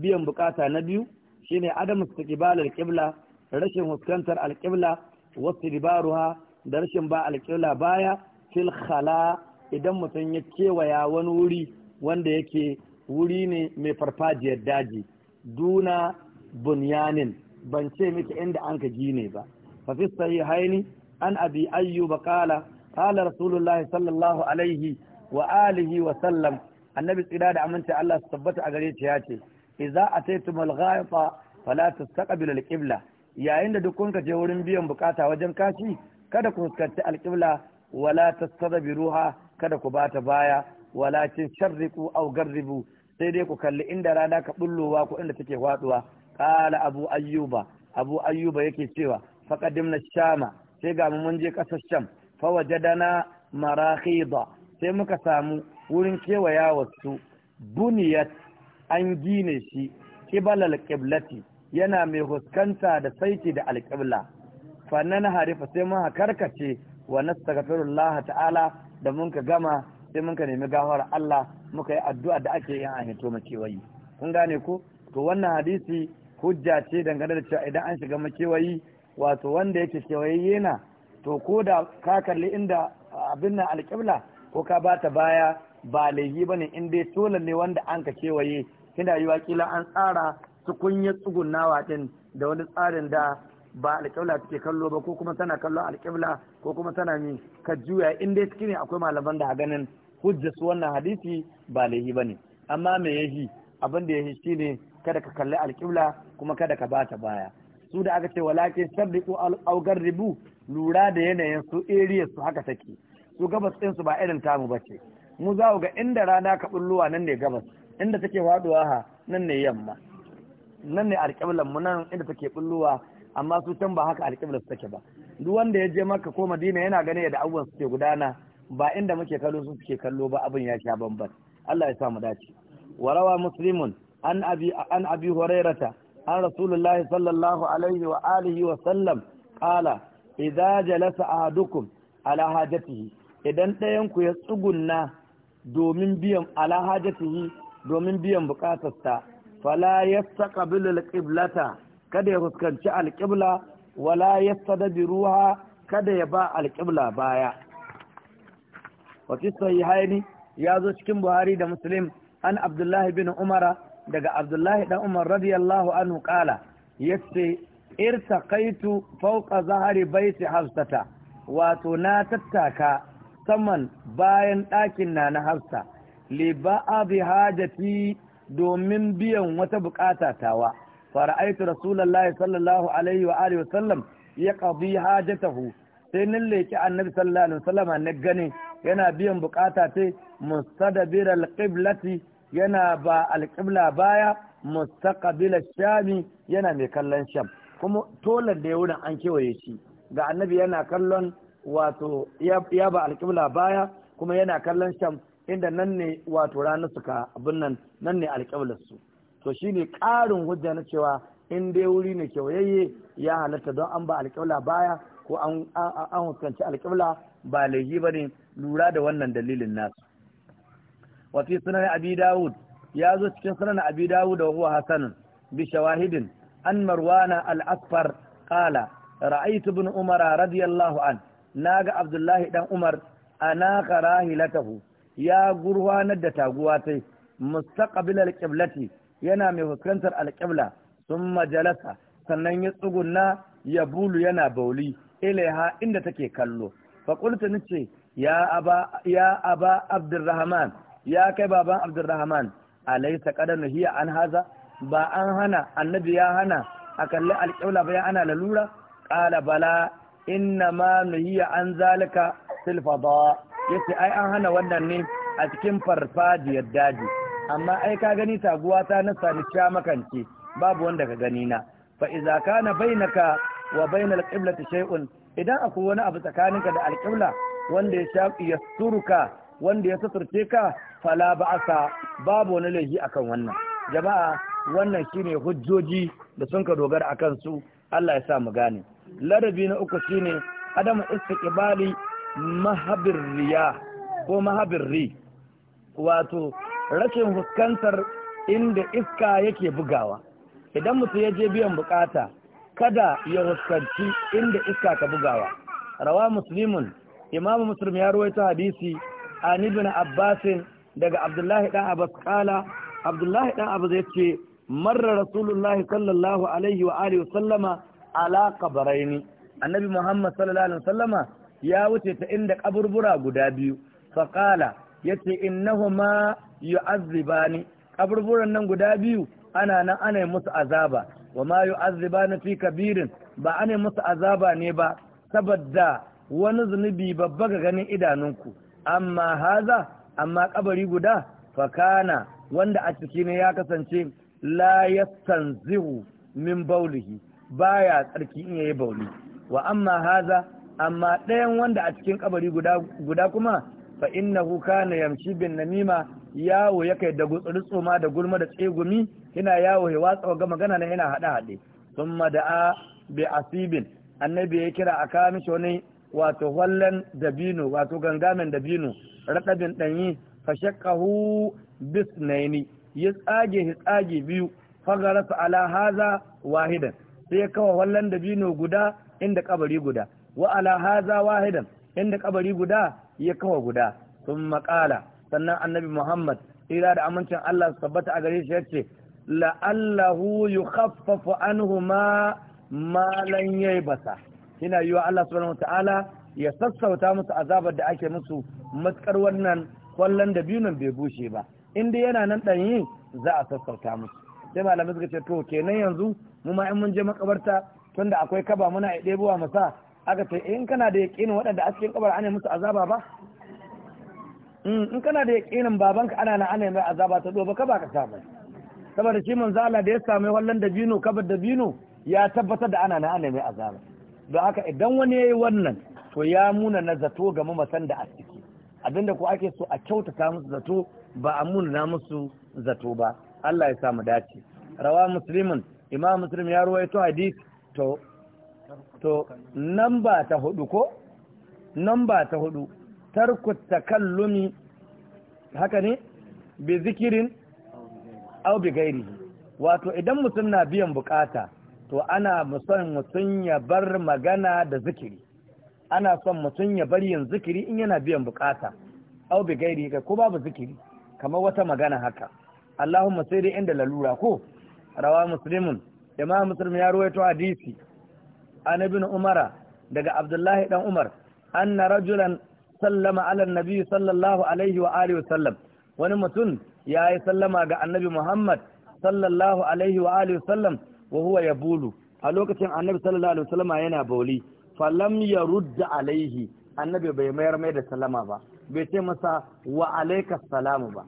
biyan bukata na biyu shine adamu istiqbal al-qibla rashin huskantar al-qibla wasu istibaruha da rashin ba al-qibla baya fil khala idan mutum ya kewaya wani wuri wanda yake wuri ne mai farfajiyar daji duna bunyanin ban ce miki inda an ka gine ba fa fi sahihaini an abi ayyuba qala qala rasulullahi sallallahu alaihi wa alihi wa sallam annabi tsira da aminci Allah su tabbata a gare shi ya ce idza ataytumul ghaifa fala tastaqbilu al yayin da duk ka je wurin biyan bukata wajen kashi kada ku fuskanci alƙibla wala tastadbiruha kada ku bata baya walakin sharriqu aw garribu sai dai ku kalli inda rana ka bullowa ko inda take faduwa qala abu ayyuba abu ayyuba yake cewa faqadimna shama sai ga mun je kasar sham fa wajadana maraqida sai muka samu wurin kewaya wasu buniyat an gine shi kibalal qiblati yana mai huskanta da saiti da alƙibla nan harifa sai mun karkace wa nastaghfirullah ta'ala da mun ka gama sai muka nemi gafara Allah muka yi addu'a da ake yin a hito makewayi kun gane ko to wannan hadisi hujja ce dangane da cewa idan an shiga makewayi wato wanda yake kewaye na to ko da ka kalli inda abin nan alƙibla ko ka ba ta baya ba laihi ba in dai tola ne wanda an ka kewaye kina yiwa kila an tsara tukunyar tsugunnawa din da wani tsarin da ba alƙibla take kallo ba ko kuma tana kallo alƙibla ko kuma tana mi ka juya in dai cikin akwai malaman da a ganin hujja su wannan hadisi ba laihi bane amma me yahi abin da yahi shine kada ka kalli alƙibla kuma kada ka bata baya su da aka ce walakin sabbiqu aw ribu lura da yanayin su area su haka take su gabas ɗin su ba irin tamu ba ce. mu za ga inda rana ka ɓulluwa nan ne gabas inda take faduwa ha nan ne yamma nan ne alƙiblan mu nan inda take ɓulluwa. amma su can ba haka alƙiblar su take ba duk wanda ya je maka ko madina yana gane da abubuwan suke gudana ba inda muke kallo su suke kallo ba abin ya sha bamban Allah ya sa mu dace wa rawa muslimun an abi an abi hurairata an rasulullahi sallallahu alaihi wa alihi wa sallam qala idza jalasa ahadukum ala hajatihi idan ɗayan ku ya tsugunna domin biyan ala hajatihi domin biyan bukatarsa fala yastaqbilu alqiblata kada ya fuskanci alƙibla wala ya ruwa kada ya ba alƙibla baya wa fi ya zo cikin Buhari da Muslim an Abdullahi bin Umara daga Abdullahi dan Umar radiyallahu anhu kala yace irtaqaitu fawqa zahari baiti Hafsata wato na tattaka saman bayan ɗakin na na Hafsa li ba'abi hajati domin biyan wata buƙata tawa fara'aitu rasulullahi sallallahu alaihi wa alihi wasallam ya hajatahu sai nin leki annabi sallallahu na gane yana biyan bukata ce mustadbir alqiblati yana ba alqibla baya mustaqbil shami yana mai kallon sham kuma tolan da ya wurin an kewaye shi ga annabi yana kallon wato ya ba alƙibla baya kuma yana kallon sham inda nan ne wato ranar suka abin nan nan ne alƙiblar su to shine ƙarin hujja na cewa in dai wuri ne kewayayye ya halatta don an ba alƙibla baya ko an huskanci alƙibla ba laihi ba ne lura da wannan dalilin nasu wafi sunan abi dawud ya zo cikin sunan abi dawud wa huwa hasanun bi shawahidin an marwana al-asfar qala ra'aytu ibn umara radiyallahu an naga abdullahi dan umar ana latahu ya gurwanar da taguwa sai, mustaqbilal qiblati yana mai fuskantar alƙibla sun majalasa sannan ya tsugunna ya bulu yana bauli ilaiha inda take kallo faƙulta ni ce ya aba abdurrahman ya kai baban abdurrahman alaisa ƙadar nahiya an haza ba an hana annabi ya hana a kalli alƙibla ba ya ana lalura ƙala bala inna ma nahiya an zalika silfa ba yace ai an hana wannan ne a cikin farfajiyar daji amma ai ka gani taguwa ta na sani sha makance babu wanda ka gani na fa idza kana bainaka wa bainal qiblati shay'un idan akwai wani abu tsakaninka da alqibla wanda ya shafi yasturuka wanda ya saturce ka fala ba'asa babu wani laifi akan wannan jama'a wannan shine hujjoji da sun ka dogara akan su Allah ya sa mu gane ladabi na uku shine adamu istiqbali mahabir riya ko mahabir ri wato rashin fuskantar inda iska yake bugawa idan mutum ya je biyan bukata kada ya fuskanci inda iska ka bugawa rawa muslimun imamu muslim ya ruwaito hadisi an ibn abbasin daga abdullahi dan abbas kala abdullahi dan abbas yace marra rasulullahi sallallahu alaihi wa alihi sallama ala qabraini annabi muhammad sallallahu alaihi sallama ya wuce ta inda kaburbura guda biyu fa kala yace innahuma yu'azzibani kaburburan nan guda biyu ana nan ana musu azaba wa ma yu'azzibani fi kabirin ba ana musu azaba ne ba saboda wani zunubi babba ga ganin idanunku amma haza amma kabari guda fakana wanda a ciki ne ya kasance la yastanzihu min baulihi baya tsarki in yayi bauli wa amma haza amma ɗayan wanda a cikin kabari guda guda kuma fa innahu kana yamshi bin namima yawo ya kai da gutsuma da gulma da tsegumi yana yawo ya watsa ga magana na yana hada hade da a bi asibin annabi ya kira a kawo mishi wani wato wallan dabino wato gangamen dabino raɗabin ɗanyi fashakahu bisnaini ya tsage ya tsage biyu su ala haza wahidan sai ya kawo wallan dabino guda inda kabari guda wa ala haza wahidan inda kabari guda ya kawo guda sun maƙala sannan annabi Muhammad ira da amincin Allah su tabbata a gare shi ya ce, la'allahu yukhaffafu anhuma ma lan basa. yana yiwa Allah subhanahu wataala ya sassauta musu azabar da ake musu matkar wannan kwallon da biyu nan bai bushe ba in yana nan yi za a sassauta musu sai malamai suka ce to kenan yanzu mu ma in mun je makabarta tunda akwai kaba muna iya ɗebowa masa aka ce eh, in kana da yaƙinin waɗanda a cikin kabar ana musu azaba ba Mm, in kana da yaƙinin babanka ana na ana mai azaba ta doba ka baka samu saboda shi manzo Allah da ya sami wallan da bino kabar da bino ya tabbatar da ana na ana mai azaba don haka idan wani ya yi wannan to ya muna na zato ga mamasan da a ciki abinda ko ake so a kyautata musu zato ba a muna na musu zato ba Allah ya sa mu dace rawa muslimin imam muslim ya ruwaito hadith to to namba ta hudu ko namba ta hudu tarku takallumi haka ne bi zikirin au bi gairihi wato idan mutum na biyan bukata to ana son mutum ya bar magana da zikiri ana son mutum ya bar yin zikiri in yana biyan bukata au bi gairi ko babu zikiri kamar wata magana haka Allahumma sai dai inda lalura ko rawa muslimun imam muslim ya ruwaito hadisi an ibn umara daga abdullahi dan umar anna rajulan sallama ala nabi sallallahu alaihi wa alihi wasallam wani mutum ya yi sallama ga annabi Muhammad sallallahu alaihi wa alihi wasallam wa huwa yabulu a lokacin annabi sallallahu alaihi wasallam yana bauli falam yarudda alaihi annabi bai mayar mai da sallama ba bai ce masa wa alaika salamu ba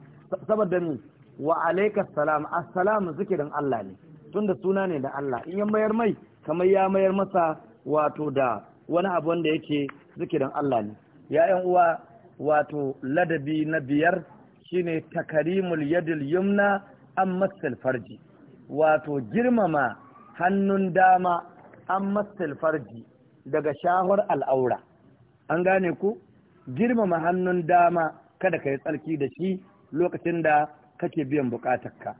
saboda ni wa alaika salam assalamu zikirin Allah ne tunda suna ne da Allah in ya mayar mai kamar ya mayar masa wato da wani abu wanda yake zikirin Allah ne ya'yan uwa wato ladabi na biyar shine takarimul yadil yumna an masal farji wato girmama hannun dama an masal farji daga shahar al'aura an gane ku girmama hannun dama kada ka yi tsarki da shi lokacin da kake biyan bukatarka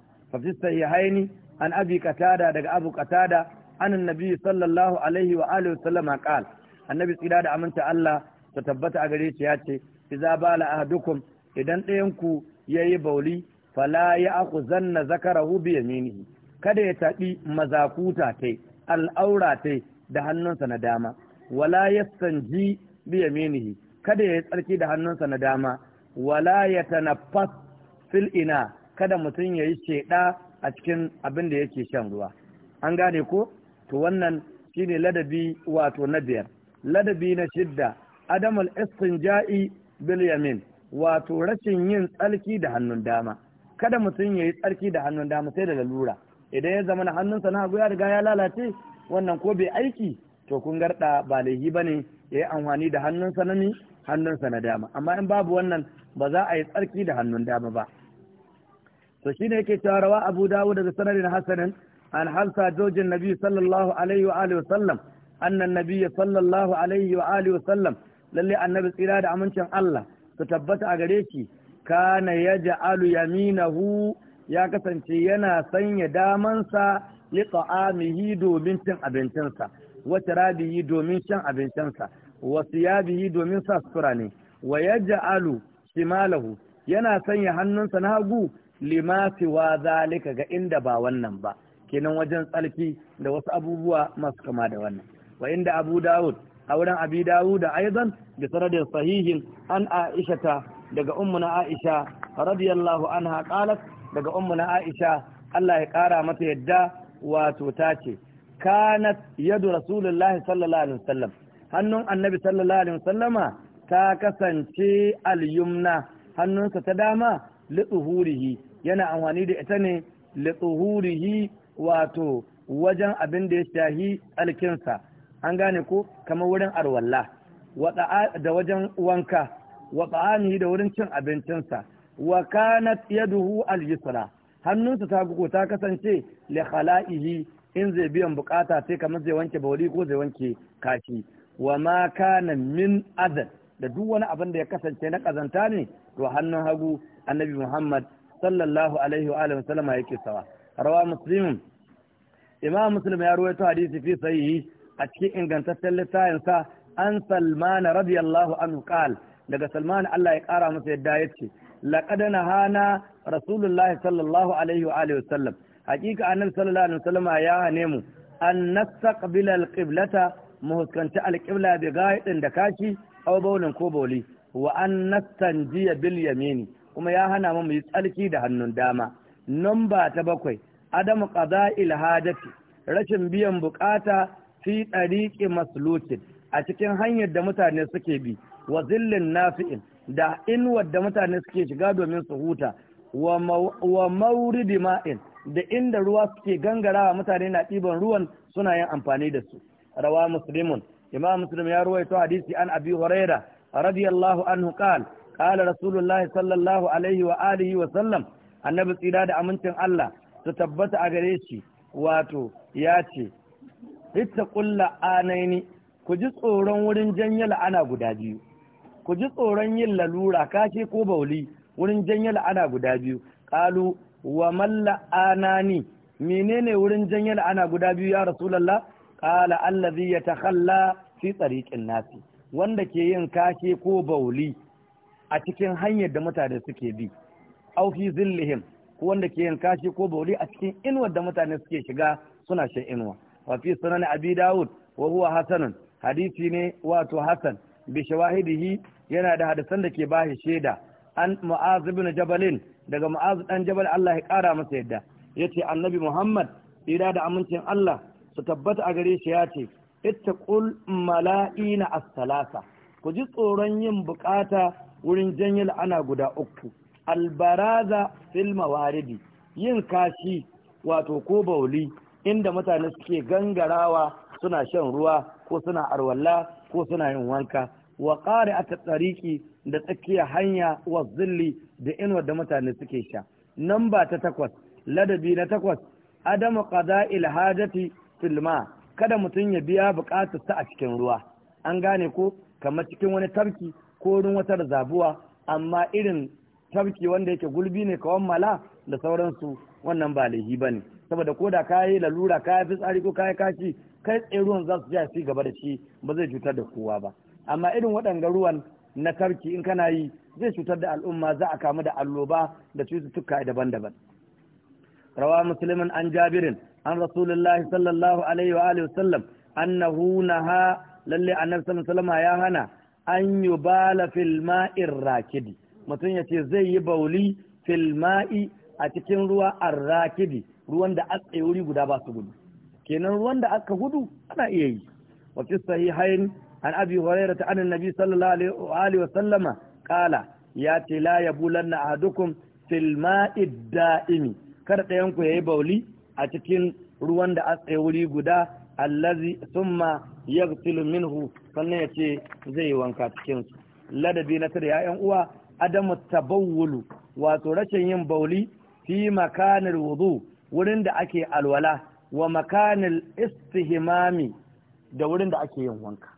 ya haini an abi katada daga abu katada an annabi sallallahu alaihi wa alihi wasallam kal annabi tsira da aminta Allah ta tabbata a gare shi ya ce iza bala ahadukum idan ɗayan ku ya yi bauli fala ya aku zanna zakara hubi yaminihi kada ya taɓi mazakuta ta al'aura ta da hannunsa na dama wala ya sanji bi yaminihi kada ya tsarki da hannunsa na dama wala ya tanaffas fil ina kada mutum ya yi sheɗa a cikin abin da yake shan ruwa an gane ko to wannan shine ladabi wato na biyar ladabi na shidda Adamu istinja'i bil wato rashin yin tsarki da hannun dama kada mutum ya yi tsarki da hannun dama sai da lalura idan ya zama na hannunsa na hagu ya riga ya lalace wannan ko bai aiki to kun garda ba laihi ba ne ya yi amfani da hannunsa na ni hannunsa na dama amma in babu wannan ba za a yi tsarki da hannun dama ba to ne yake cewa rawa abu dawo daga sanadin hasanin an halsa jojin nabi sallallahu alaihi wa alihi wa sallam annan nabi sallallahu alaihi wa alihi wa sallam lalle annabi tsira da amincin Allah su tabbata a gare shi kana yaj'alu yaminahu ya kasance yana sanya damansa li ta'amihi domin cin abincinsa wa tarabihi domin cin abincinsa wa siyabihi domin sa sutura ne wa yaj'alu shimalahu yana sanya hannunsa na hagu lima siwa zalika ga inda ba wannan ba kenan wajen tsarki da wasu abubuwa masu kama da wannan wa inda abu dawud a wurin abi da aizan da sanadin sahihin an aishata daga ummuna aisha radiyallahu an qalat daga ummuna aisha Allah ya kara mata yadda wato ta ce kanat yadu rasulullahi sallallahu alaihi wasallam hannun annabi sallallahu alaihi wasallama ta kasance alyumna hannunsa ta dama litsuhurihi yana amfani da ita ne litsuhurihi wato wajen abin da ya shahi alkinsa an gane ko kamar wurin arwalla da wajen wanka wa ta'amihi da wurin cin abincinsa wa kanat yaduhu al-yusra hannunsa ta gugu ta kasance li khala'ihi in zai biyan bukata sai kamar zai wanke bauli ko zai wanke kashi wa ma kana min adad da duk wani abin da ya kasance na kazanta ne to hannun hagu annabi Muhammad sallallahu alaihi wa alihi yake sawa rawa muslim imam muslim ya ruwaito hadisi fi sahihi a cikin ingantaccen littafinsa an salmana radiyallahu anhu qal daga salman Allah ya kara masa yadda yace laqad nahana rasulullahi sallallahu alaihi wa alihi wasallam hakika annabi sallallahu alaihi wasallam ya hane mu an nastaqbila alqiblata mu huskanci alqibla bi ga'idin da kashi aw bawlin ko bawli wa an nastanjiya bil yamini kuma ya hana mu yi tsalki da hannun dama ba ta bakwai adamu qada'il hajati rashin biyan bukata fi ɗariƙi maslukin a cikin hanyar da mutane suke bi wa zillin nafi'in da inuwar da mutane suke shiga domin su huta wa mauridi ma'in da inda ruwa suke gangarawa mutane na ɗiban ruwan suna yin amfani da su rawa muslimun imam muslim ya ruwaito hadisi an abi huraira radiyallahu anhu qal qala rasulullahi sallallahu alaihi wa alihi wa sallam annabi tsira da amincin Allah su tabbata a gare shi wato ya ce ittaqul la'anaini ku ji tsoron wurin janye la'ana guda biyu ku ji tsoron yin lalura kashe ko bauli wurin janye la'ana guda biyu qalu wa man la'anani menene wurin janye la'ana guda biyu ya rasulullah qala allazi yatakhalla fi tariqin nasi wanda ke yin kashe ko bauli a cikin hanyar da mutane suke bi au fi zillihim ko wanda ke yin kashe ko bauli a cikin inuwar da mutane suke shiga suna shan inuwa wa sunan abi dawud wa huwa hasanun hadisi ne wato hasan bi shawahidihi yana da hadisan da ke bashi shaida an mu'az ibn jabalin daga mu'az dan jabal Allah ya kara masa yadda yace annabi muhammad tsira da amincin Allah su tabbata a gare shi yace ce ittaqul mala'ina as-salasa ku ji tsoron yin bukata wurin janye la'ana guda uku albaraza fil mawaridi yin kashi wato ko bauli inda mutane suke gangarawa suna shan ruwa ko suna arwalla ko suna yin wanka wa ƙari a tsariki da tsakiya hanya wa zilli da inuwar da mutane suke sha nan ba ta takwas ladabi na takwas adamu qada ilhadati filma kada mutum ya biya ta a cikin ruwa an gane ko kamar cikin wani tarki ko wurin wata zabuwa amma irin tarki wanda yake gulbi ne kawan mala da sauransu wannan ba lahi ba ne saboda ko da ka yi lalura ka yi fitsari ko ka yi kashi kai tsaye ruwan za su ja su gaba da shi ba zai cutar da kowa ba amma irin waɗanga ruwan na tarki in kana yi zai cutar da al'umma za a kamu da alloba da cututtuka daban-daban rawa Musulmin an jabirin an rasulullahi sallallahu alaihi wa alihi wasallam annahu naha lalle annabi sallallahu alaihi ya hana an yubala fil ma'ir rakidi mutum yace zai yi bauli filma'i a cikin ruwa ar-rakidi ruwan da aka wuri guda ba su gudu kenan ruwan da aka gudu ana iya yi wa fi sahihain an abi hurairah ta annabi sallallahu alaihi wa sallama qala ya ce la yabulanna ahadukum fil ma'i da'imi kada ɗayan ku yayi bauli a cikin ruwan da aka wuri guda allazi thumma yaghsilu minhu sannan ya ce zai yi wanka cikin su ladabi na tare ya'yan uwa adamu tabawulu wato rashin yin bauli fi makanar wudu wurin da ake alwala wa makanil istihimami da wurin da ake yin wanka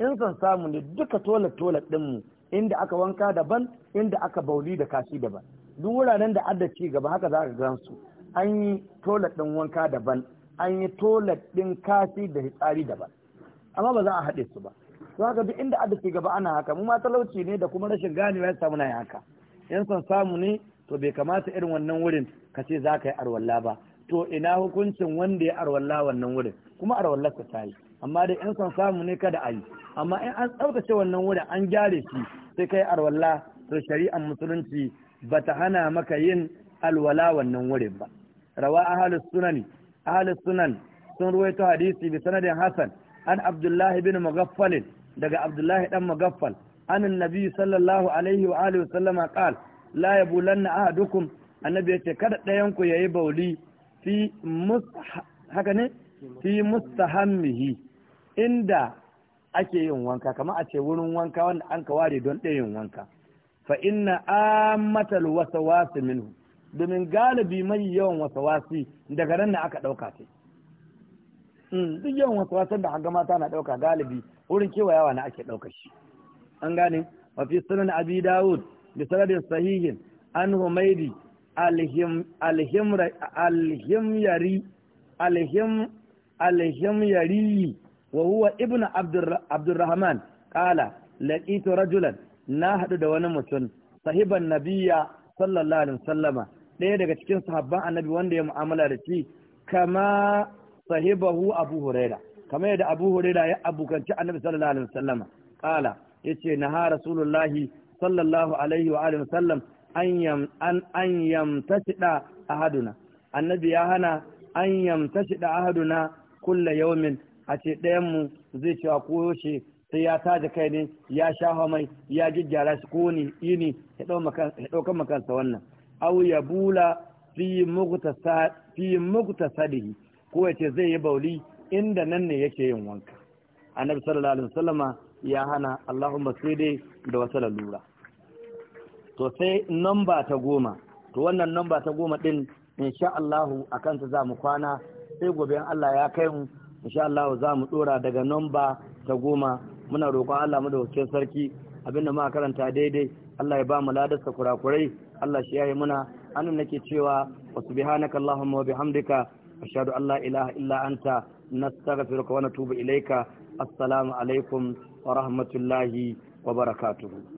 in san samu ne duka tola tola dinmu, inda aka wanka daban inda aka bauli da kashi daban duk wuraren da adda ci gaba haka za ka su an yi tola din wanka daban an yi tola din kashi da hitsari daban amma ba za a haɗe su ba to haka duk inda adda ci gaba ana haka mu ma talauci ne da kuma rashin ganewa ya samu na haka in san samu ne to bai kamata irin wannan wurin ka ce za ka yi arwalla ba to ina hukuncin wanda ya arwalla wannan wurin kuma arwalla ka ta yi amma da in son samu ne kada a yi amma in an tsaftace wannan wurin an gyare shi sai yi arwalla to shari'ar musulunci ba ta hana maka yin alwala wannan wurin ba rawa ahalus sunani ahalus sunan sun ruwaito hadisi bi sanadin hasan an abdullahi bin mughaffal daga abdullahi dan mughaffal an annabi sallallahu alaihi wa alihi wasallama qal la yabulanna ahadukum annabi ya ce kada ɗayan ku yayi bauli fi mus haka ne fi mustahammihi inda ake yin wanka kamar a ce wurin wanka wanda an ka ware don ɗayan wanka fa inna ammatal wasawasi minhu domin galibi mai yawan wasawasi daga nan da aka ɗauka ce hmm, duk yawan wasawasan da hanga mata na ɗauka galibi wurin kewayawa na ake ɗauka shi an gane wa fi sunan abi dawud bi sanadin sahihin an humaidi alhimyari alhimyari wa huwa ibn abdurrahman kala laqitu rajulan na haɗu da wani mutum sahiban nabiya sallallahu alaihi wasallama ɗaya daga cikin sahabban annabi wanda ya mu'amala da shi kama sahibahu abu huraira kama yadda abu huraira ya abukanci annabi sallallahu alaihi wasallama kala yace ha rasulullahi sallallahu alaihi wa alihi wasallam an a ahaduna annabi ya hana an a ahaduna kulla yaumin a ce ɗayanmu zai cewa koyaushe sai ya taja kai ne ya sha mai ya jijjara shi ko ni ini ya ɗaukan makansa wannan au ya bula fi sadihi ko ya ce zai yi bauli inda nan ne yake yin wanka annabi sallallahu alaihi wasallama ya hana allahumma sai dai da wata lalura to sai namba ta goma to wannan namba ta goma din insha Allahu a kanta za mu kwana sai gobe Allah ya kai mu insha Allahu za mu dora daga namba ta goma muna roƙon Allah mu da wakil sarki abinda muka karanta daidai Allah ya ba mu ladarsa kurakurai Allah shi yayi muna anan nake cewa wa subhanaka allahumma wa bihamdika ashhadu an la ilaha illa anta nastaghfiruka wa natubu ilayka assalamu alaikum wa rahmatullahi wa barakatuhu